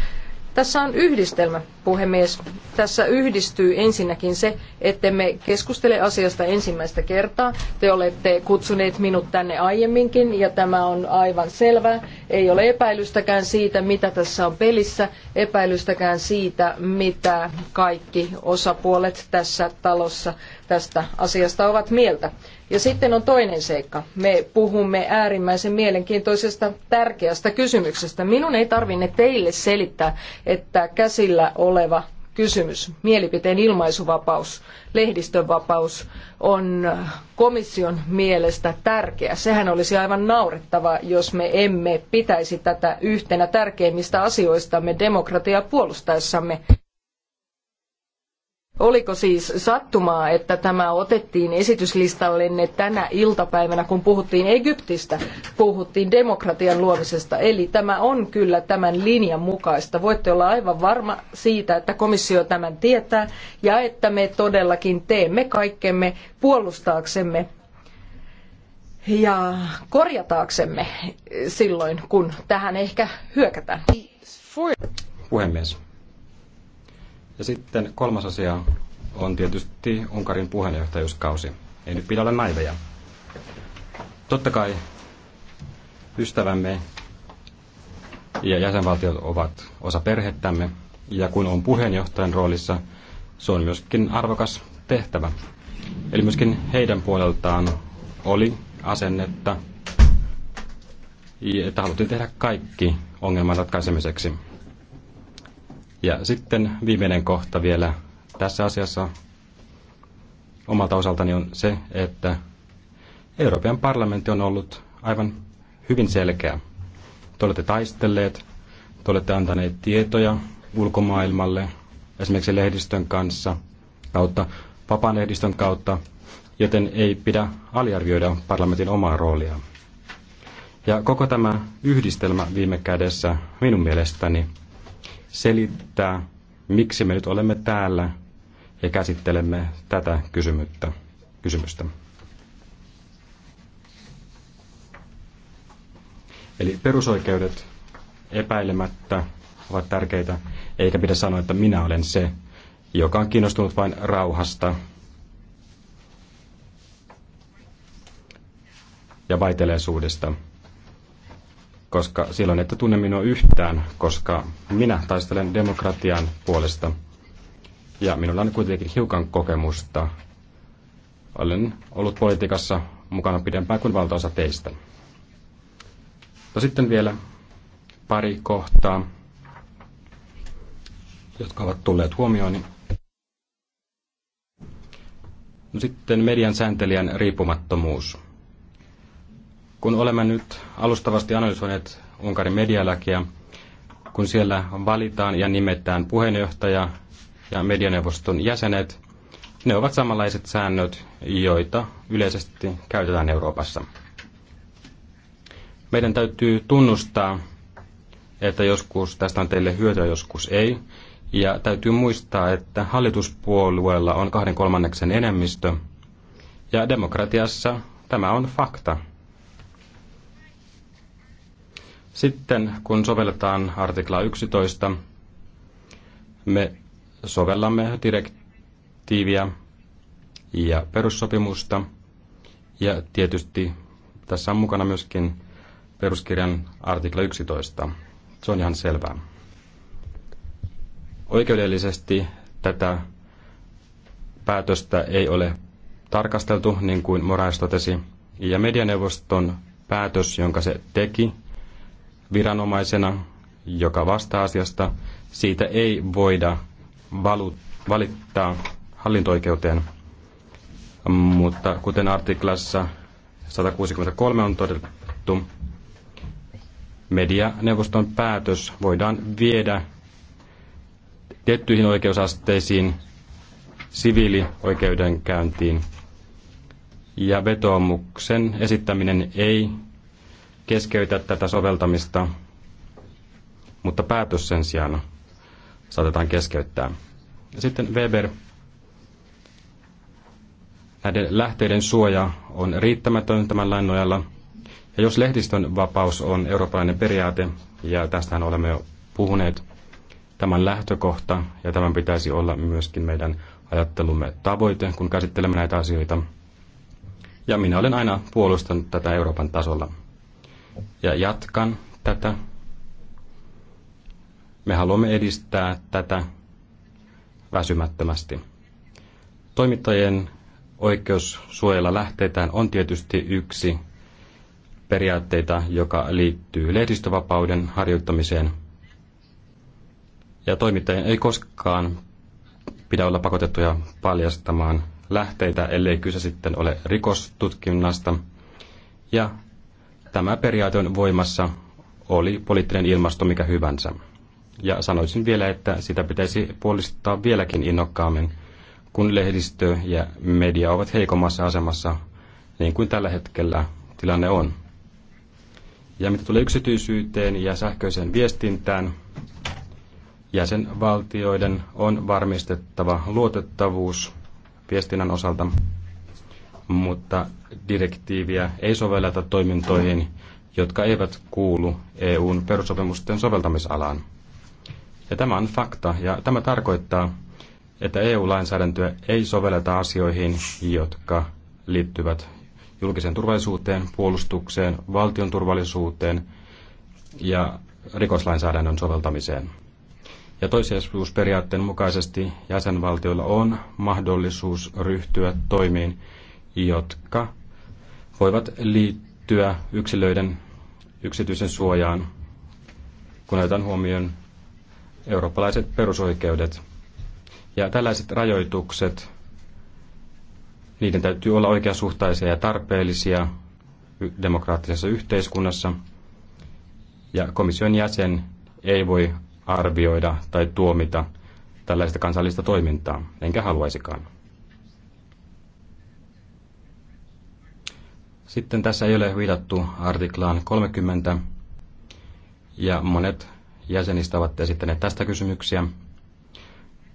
Tässä on yhdistelmä, puhemies. Tässä yhdistyy ensinnäkin se, että me keskustele asiasta ensimmäistä kertaa. Te olette kutsuneet minut tänne aiemminkin ja tämä on aivan selvää. Ei ole epäilystäkään siitä, mitä tässä on pelissä, epäilystäkään siitä, mitä kaikki osapuolet tässä talossa tästä asiasta ovat mieltä. Ja sitten on toinen seikka. Me puhumme äärimmäisen mielenkiintoisesta tärkeästä kysymyksestä. Minun ei tarvinne teille selittää, että käsillä oleva kysymys, mielipiteen ilmaisuvapaus, lehdistönvapaus on komission mielestä tärkeä. Sehän olisi aivan naurettava, jos me emme pitäisi tätä yhtenä tärkeimmistä asioistamme demokratiaa puolustaessamme. Oliko siis sattumaa, että tämä otettiin esityslistallenne tänä iltapäivänä, kun puhuttiin Egyptistä, puhuttiin demokratian luomisesta? Eli tämä on kyllä tämän linjan mukaista. Voitte olla aivan varma siitä, että komissio tämän tietää ja että me todellakin teemme kaikkemme puolustaaksemme ja korjataaksemme silloin, kun tähän ehkä hyökätään. Puhemies ja sitten kolmas asia on tietysti Unkarin puheenjohtajuuskausi. Ei nyt pidä olla naiveja. Totta kai ystävämme ja jäsenvaltiot ovat osa perhettämme, ja kun on puheenjohtajan roolissa, se on myöskin arvokas tehtävä. Eli myöskin heidän puoleltaan oli asennetta, että haluttiin tehdä kaikki ongelman ratkaisemiseksi. Ja sitten viimeinen kohta vielä tässä asiassa omalta osaltani on se, että Euroopan parlamentti on ollut aivan hyvin selkeä. Te olette taistelleet, te olette antaneet tietoja ulkomaailmalle, esimerkiksi lehdistön kanssa, kautta, vapaan lehdistön kautta, joten ei pidä aliarvioida parlamentin omaa roolia. Ja koko tämä yhdistelmä viime kädessä minun mielestäni selittää, miksi me nyt olemme täällä ja käsittelemme tätä kysymystä. kysymystä. Eli perusoikeudet epäilemättä ovat tärkeitä, eikä pidä sanoa, että minä olen se, joka on kiinnostunut vain rauhasta ja vaiteleisuudesta koska silloin ette tunne minua yhtään, koska minä taistelen demokratian puolesta. Ja minulla on kuitenkin hiukan kokemusta. Olen ollut politiikassa mukana pidempään kuin valtaosa teistä. No sitten vielä pari kohtaa, jotka ovat tulleet huomioon. No sitten median sääntelijän riippumattomuus. Kun olemme nyt alustavasti analysoineet Unkarin medialäkiä, kun siellä valitaan ja nimetään puheenjohtaja ja medianeuvoston jäsenet, ne ovat samanlaiset säännöt, joita yleisesti käytetään Euroopassa. Meidän täytyy tunnustaa, että joskus tästä on teille hyötyä, joskus ei. Ja täytyy muistaa, että hallituspuolueella on kahden kolmanneksen enemmistö. Ja demokratiassa tämä on fakta. Sitten kun sovelletaan artiklaa 11, me sovellamme direktiiviä ja perussopimusta. Ja tietysti tässä on mukana myöskin peruskirjan artikla 11. Se on ihan selvää. Oikeudellisesti tätä päätöstä ei ole tarkasteltu, niin kuin Moraes totesi, ja medianeuvoston päätös, jonka se teki viranomaisena, joka vastaa asiasta, siitä ei voida valu- valittaa hallintoikeuteen. Mutta kuten artiklassa 163 on todettu, medianeuvoston päätös voidaan viedä tiettyihin oikeusasteisiin, siviilioikeudenkäyntiin ja vetoomuksen esittäminen ei keskeytä tätä soveltamista, mutta päätös sen sijaan saatetaan keskeyttää. Ja sitten Weber. Näiden lähteiden suoja on riittämätön tämän lain nojalla. Ja jos lehdistön vapaus on eurooppalainen periaate, ja tästähän olemme jo puhuneet, tämän lähtökohta, ja tämän pitäisi olla myöskin meidän ajattelumme tavoite, kun käsittelemme näitä asioita. Ja minä olen aina puolustanut tätä Euroopan tasolla ja jatkan tätä. Me haluamme edistää tätä väsymättömästi. Toimittajien oikeus suojella lähteitään on tietysti yksi periaatteita, joka liittyy lehdistövapauden harjoittamiseen. Ja toimittajien ei koskaan pidä olla pakotettuja paljastamaan lähteitä, ellei kyse sitten ole rikostutkinnasta. Ja Tämä periaate on voimassa, oli poliittinen ilmasto mikä hyvänsä. Ja sanoisin vielä, että sitä pitäisi puolistaa vieläkin innokkaammin, kun lehdistö ja media ovat heikommassa asemassa, niin kuin tällä hetkellä tilanne on. Ja mitä tulee yksityisyyteen ja sähköiseen viestintään, jäsenvaltioiden on varmistettava luotettavuus viestinnän osalta, mutta direktiiviä ei sovelleta toimintoihin, jotka eivät kuulu EUn perussopimusten soveltamisalaan. Ja tämä on fakta, ja tämä tarkoittaa, että EU-lainsäädäntöä ei sovelleta asioihin, jotka liittyvät julkiseen turvallisuuteen, puolustukseen, valtion turvallisuuteen ja rikoslainsäädännön soveltamiseen. Ja toisiasuusperiaatteen mukaisesti jäsenvaltioilla on mahdollisuus ryhtyä toimiin, jotka voivat liittyä yksilöiden yksityisen suojaan, kun otetaan huomioon eurooppalaiset perusoikeudet. Ja tällaiset rajoitukset, niiden täytyy olla oikeasuhtaisia ja tarpeellisia demokraattisessa yhteiskunnassa, ja komission jäsen ei voi arvioida tai tuomita tällaista kansallista toimintaa, enkä haluaisikaan. Sitten tässä ei ole viitattu artiklaan 30, ja monet jäsenistä ovat esittäneet tästä kysymyksiä.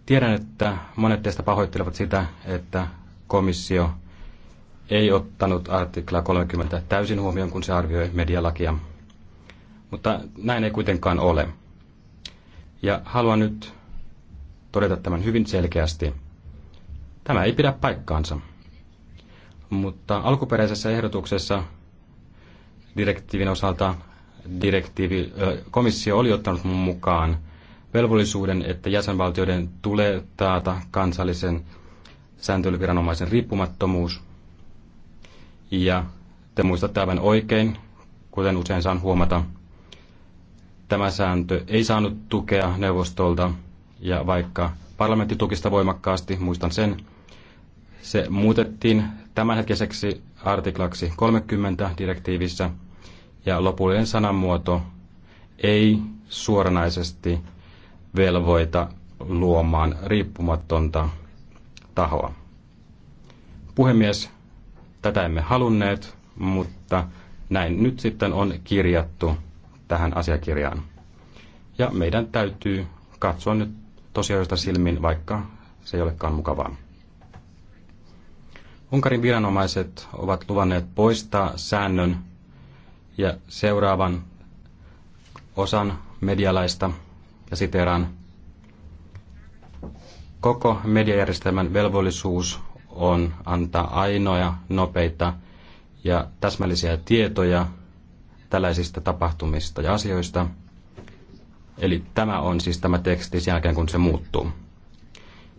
Tiedän, että monet teistä pahoittelevat sitä, että komissio ei ottanut artikla 30 täysin huomioon, kun se arvioi medialakia. Mutta näin ei kuitenkaan ole. Ja haluan nyt todeta tämän hyvin selkeästi. Tämä ei pidä paikkaansa. Mutta alkuperäisessä ehdotuksessa direktiivin osalta direktiivi, komissio oli ottanut mukaan velvollisuuden, että jäsenvaltioiden tulee taata kansallisen sääntelyviranomaisen riippumattomuus. Ja te muistatte aivan oikein, kuten usein saan huomata, tämä sääntö ei saanut tukea neuvostolta, ja vaikka parlamentti tukista voimakkaasti, muistan sen, se muutettiin tämänhetkiseksi artiklaksi 30 direktiivissä ja lopullinen sanamuoto ei suoranaisesti velvoita luomaan riippumatonta tahoa. Puhemies, tätä emme halunneet, mutta näin nyt sitten on kirjattu tähän asiakirjaan. Ja meidän täytyy katsoa nyt tosiaan silmin, vaikka se ei olekaan mukavaa. Unkarin viranomaiset ovat luvanneet poistaa säännön ja seuraavan osan medialaista, ja siteraan, koko mediajärjestelmän velvollisuus on antaa ainoja, nopeita ja täsmällisiä tietoja tällaisista tapahtumista ja asioista. Eli tämä on siis tämä teksti sen jälkeen, kun se muuttuu.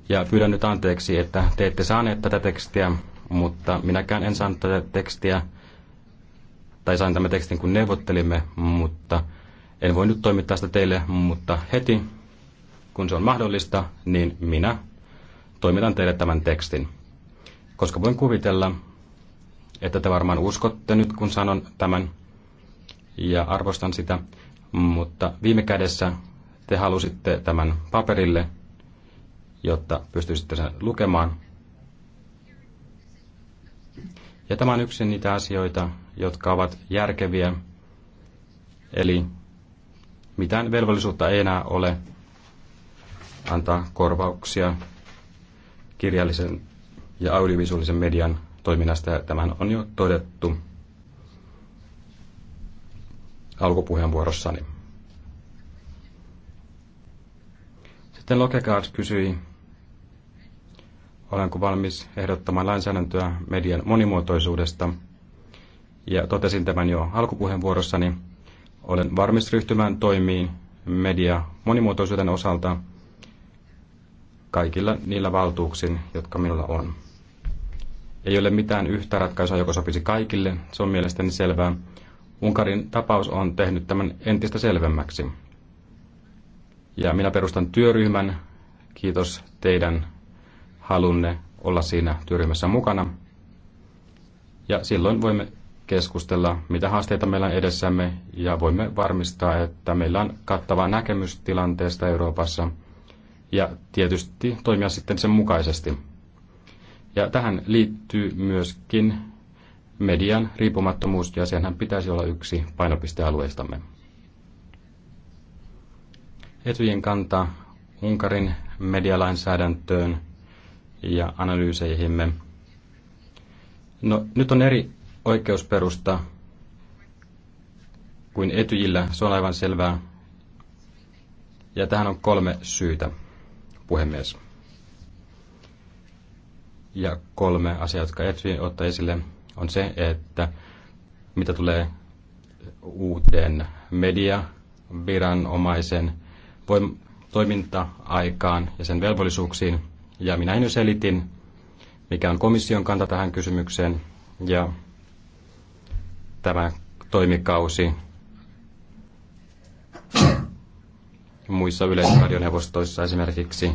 Ja pyydän nyt anteeksi, että te ette saaneet tätä tekstiä, mutta minäkään en saanut tätä tekstiä, tai sain tämän tekstin kun neuvottelimme, mutta en voi nyt toimittaa sitä teille, mutta heti kun se on mahdollista, niin minä toimitan teille tämän tekstin. Koska voin kuvitella, että te varmaan uskotte nyt, kun sanon tämän, ja arvostan sitä, mutta viime kädessä te halusitte tämän paperille, jotta pystyisitte sen lukemaan. Ja tämä on yksi niitä asioita, jotka ovat järkeviä. Eli mitään velvollisuutta ei enää ole antaa korvauksia kirjallisen ja audiovisuaalisen median toiminnasta, ja tämän on jo todettu alkupuheenvuorossani. Sitten Lokegaard kysyi olenko valmis ehdottamaan lainsäädäntöä median monimuotoisuudesta. Ja totesin tämän jo alkupuheenvuorossani. Olen varmis ryhtymään toimiin media monimuotoisuuden osalta kaikilla niillä valtuuksin, jotka minulla on. Ei ole mitään yhtä ratkaisua, joka sopisi kaikille, se on mielestäni selvää. Unkarin tapaus on tehnyt tämän entistä selvemmäksi. Ja minä perustan työryhmän, kiitos teidän halunne olla siinä työryhmässä mukana. Ja silloin voimme keskustella, mitä haasteita meillä on edessämme, ja voimme varmistaa, että meillä on kattava näkemys tilanteesta Euroopassa, ja tietysti toimia sitten sen mukaisesti. Ja tähän liittyy myöskin median riippumattomuus, ja senhän pitäisi olla yksi painopistealueistamme. Etujen kanta Unkarin medialainsäädäntöön – ja analyyseihimme. No, nyt on eri oikeusperusta kuin etyjillä, se on aivan selvää. Ja tähän on kolme syytä, puhemies. Ja kolme asiaa, jotka Etsi ottaa esille, on se, että mitä tulee uuden mediaviranomaisen toiminta-aikaan ja sen velvollisuuksiin – ja minä jo selitin, mikä on komission kanta tähän kysymykseen. Ja tämä toimikausi muissa yleisradioneuvostoissa esimerkiksi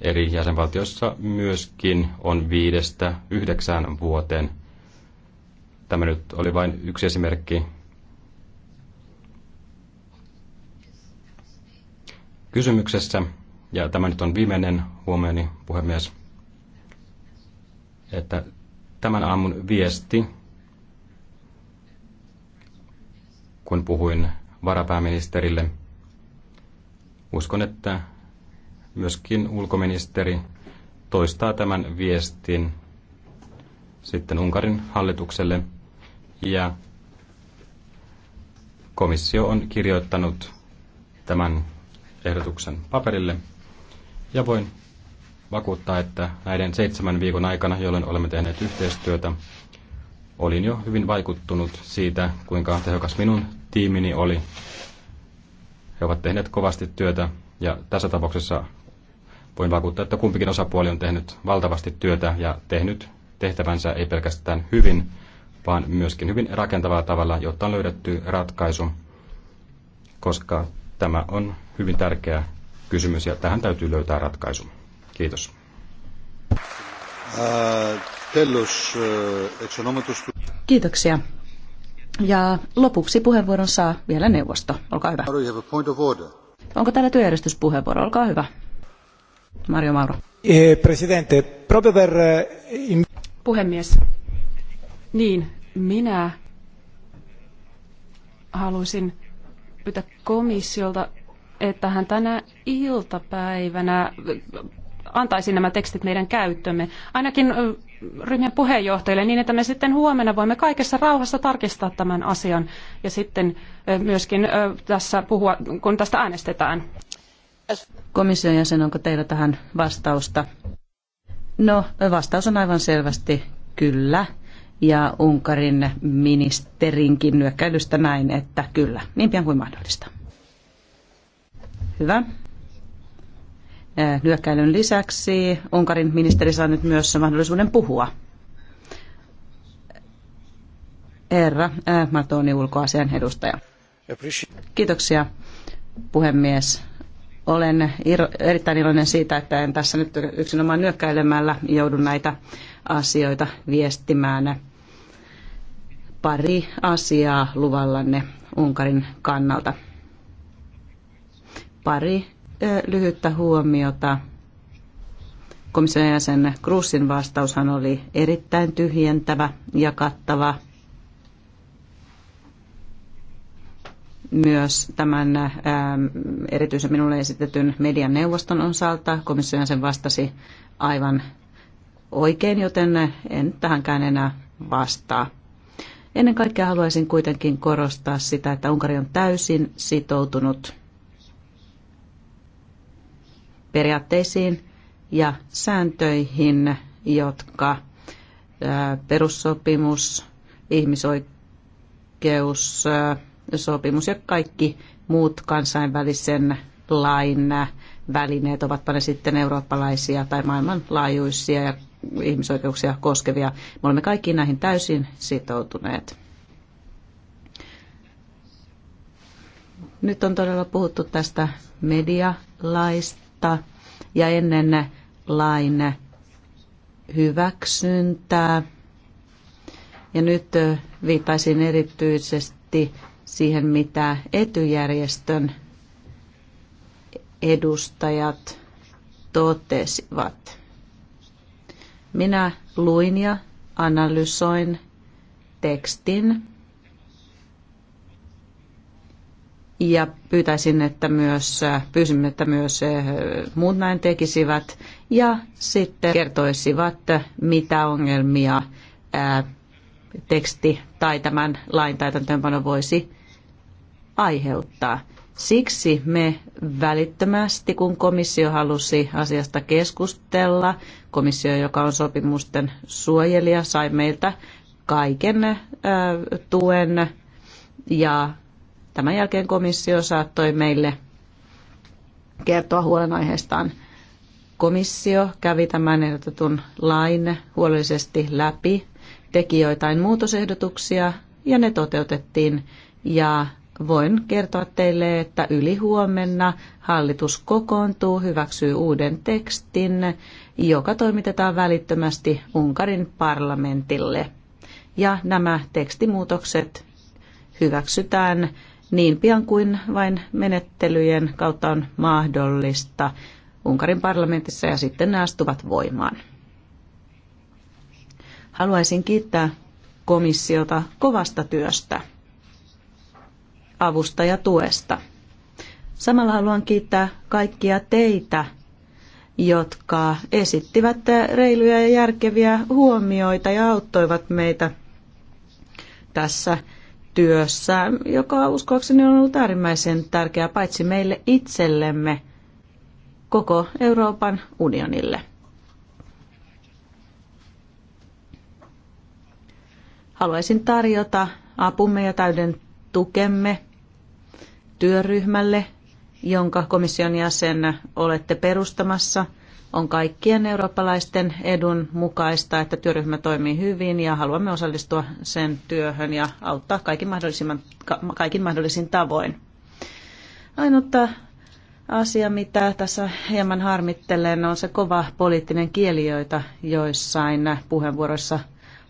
eri jäsenvaltioissa myöskin on viidestä yhdeksään vuoteen. Tämä nyt oli vain yksi esimerkki. Kysymyksessä ja tämä nyt on viimeinen huomioni, puhemies, että tämän aamun viesti, kun puhuin varapääministerille, uskon, että myöskin ulkoministeri toistaa tämän viestin sitten Unkarin hallitukselle. Ja komissio on kirjoittanut tämän ehdotuksen paperille. Ja voin vakuuttaa, että näiden seitsemän viikon aikana, jolloin olemme tehneet yhteistyötä, olin jo hyvin vaikuttunut siitä, kuinka tehokas minun tiimini oli. He ovat tehneet kovasti työtä ja tässä tapauksessa voin vakuuttaa, että kumpikin osapuoli on tehnyt valtavasti työtä ja tehnyt tehtävänsä ei pelkästään hyvin, vaan myöskin hyvin rakentavaa tavalla, jotta on löydetty ratkaisu, koska tämä on hyvin tärkeä kysymys ja tähän täytyy löytää ratkaisu. Kiitos. Äh, äh, Kiitoksia. Ja lopuksi puheenvuoron saa vielä neuvosto. Olkaa hyvä. Onko täällä työjärjestyspuheenvuoro? Olkaa hyvä. Mario Mauro. Eh, presidente, proprio per... Eh, Puhemies. Niin, minä haluaisin pyytää komissiolta että hän tänä iltapäivänä antaisi nämä tekstit meidän käyttömme, ainakin ryhmien puheenjohtajille, niin että me sitten huomenna voimme kaikessa rauhassa tarkistaa tämän asian ja sitten myöskin tässä puhua, kun tästä äänestetään. Komission jäsen, onko teillä tähän vastausta? No, vastaus on aivan selvästi kyllä. Ja Unkarin ministerinkin nyökkäilystä näin, että kyllä, niin pian kuin mahdollista. Hyvä. Nyökkäilyn lisäksi Unkarin ministeri saa nyt myös mahdollisuuden puhua. Herra Matoni, ulkoasian edustaja. Kiitoksia, puhemies. Olen erittäin iloinen siitä, että en tässä nyt yksinomaan nyökkäilemällä joudu näitä asioita viestimään. Pari asiaa luvallanne Unkarin kannalta. Pari lyhyttä huomiota. Komission jäsen Krussin vastaushan oli erittäin tyhjentävä ja kattava. myös tämän ö, erityisen minulle esitetyn median neuvoston osalta. Komission sen vastasi aivan oikein, joten en tähänkään enää vastaa. Ennen kaikkea haluaisin kuitenkin korostaa sitä, että Unkari on täysin sitoutunut periaatteisiin ja sääntöihin, jotka perussopimus, ihmisoikeus, sopimus ja kaikki muut kansainvälisen lain välineet, ovatpa ne sitten eurooppalaisia tai maailmanlaajuisia ja ihmisoikeuksia koskevia. Me olemme kaikkiin näihin täysin sitoutuneet. Nyt on todella puhuttu tästä medialaista vuotta ja ennen lain hyväksyntää. Ja nyt viittaisin erityisesti siihen, mitä etujärjestön edustajat totesivat. Minä luin ja analysoin tekstin ja pyytäisin, että myös, pyysimme, että myös eh, muut näin tekisivät ja sitten kertoisivat, mitä ongelmia ää, eh, teksti tai tämän lain täytäntöönpano voisi aiheuttaa. Siksi me välittömästi, kun komissio halusi asiasta keskustella, komissio, joka on sopimusten suojelija, sai meiltä kaiken ää, eh, tuen ja Tämän jälkeen komissio saattoi meille kertoa huolenaiheestaan. Komissio kävi tämän ehdotetun lain huolellisesti läpi, teki joitain muutosehdotuksia ja ne toteutettiin. Ja voin kertoa teille, että yli huomenna hallitus kokoontuu, hyväksyy uuden tekstin, joka toimitetaan välittömästi Unkarin parlamentille. Ja nämä tekstimuutokset hyväksytään niin pian kuin vain menettelyjen kautta on mahdollista Unkarin parlamentissa ja sitten ne astuvat voimaan. Haluaisin kiittää komissiota kovasta työstä, avusta ja tuesta. Samalla haluan kiittää kaikkia teitä, jotka esittivät reiluja ja järkeviä huomioita ja auttoivat meitä tässä työssä, joka uskoakseni on ollut äärimmäisen tärkeää paitsi meille itsellemme, koko Euroopan unionille. Haluaisin tarjota apumme ja täyden tukemme työryhmälle, jonka komission jäsen olette perustamassa – on kaikkien eurooppalaisten edun mukaista, että työryhmä toimii hyvin ja haluamme osallistua sen työhön ja auttaa kaikin, mahdollisimman, kaikin mahdollisin tavoin. Ainutta asia, mitä tässä hieman harmittelen, on se kova poliittinen kieli, joita joissain puheenvuoroissa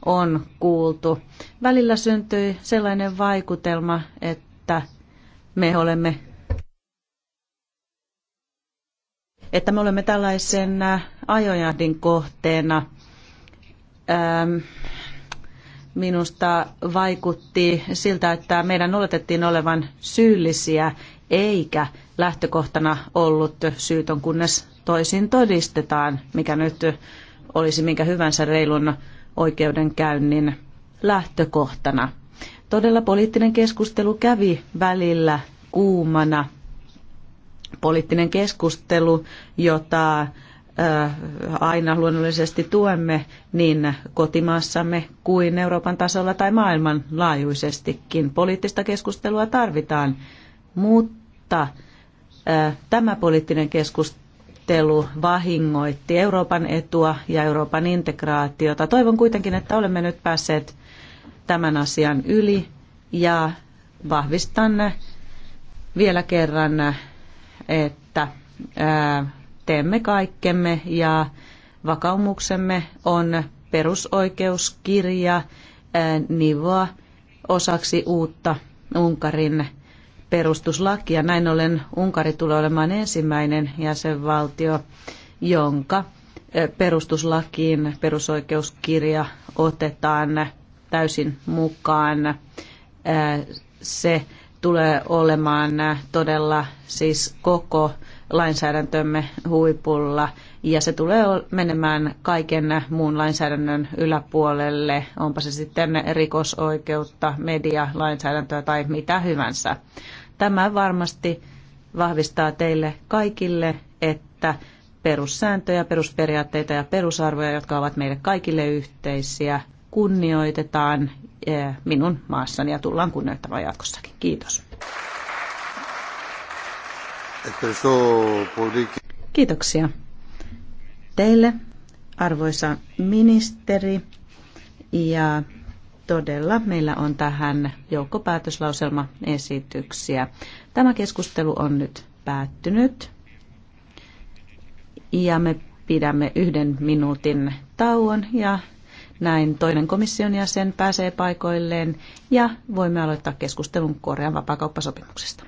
on kuultu. Välillä syntyi sellainen vaikutelma, että me olemme että me olemme tällaisen äh, ajojahdin kohteena. Minusta vaikutti siltä, että meidän oletettiin olevan syyllisiä, eikä lähtökohtana ollut syytön, kunnes toisin todistetaan, mikä nyt olisi minkä hyvänsä reilun oikeudenkäynnin lähtökohtana. Todella poliittinen keskustelu kävi välillä kuumana poliittinen keskustelu, jota aina luonnollisesti tuemme niin kotimaassamme kuin Euroopan tasolla tai maailmanlaajuisestikin. Poliittista keskustelua tarvitaan, mutta tämä poliittinen keskustelu vahingoitti Euroopan etua ja Euroopan integraatiota. Toivon kuitenkin, että olemme nyt päässeet tämän asian yli ja vahvistan vielä kerran että teemme kaikkemme ja vakaumuksemme on perusoikeuskirja nivoa osaksi uutta Unkarin perustuslakia. Näin ollen Unkari tulee olemaan ensimmäinen jäsenvaltio, jonka perustuslakiin perusoikeuskirja otetaan täysin mukaan. Se tulee olemaan todella siis koko lainsäädäntömme huipulla ja se tulee menemään kaiken muun lainsäädännön yläpuolelle, onpa se sitten rikosoikeutta, media, lainsäädäntöä tai mitä hyvänsä. Tämä varmasti vahvistaa teille kaikille, että perussääntöjä, perusperiaatteita ja perusarvoja, jotka ovat meille kaikille yhteisiä, kunnioitetaan Eh, minun maassani ja tullaan kunnioittamaan jatkossakin. Kiitos. Kiitoksia teille, arvoisa ministeri. Ja todella meillä on tähän esityksiä. Tämä keskustelu on nyt päättynyt. Ja me pidämme yhden minuutin tauon ja näin toinen komission jäsen pääsee paikoilleen ja voimme aloittaa keskustelun Korean vapaakauppasopimuksesta.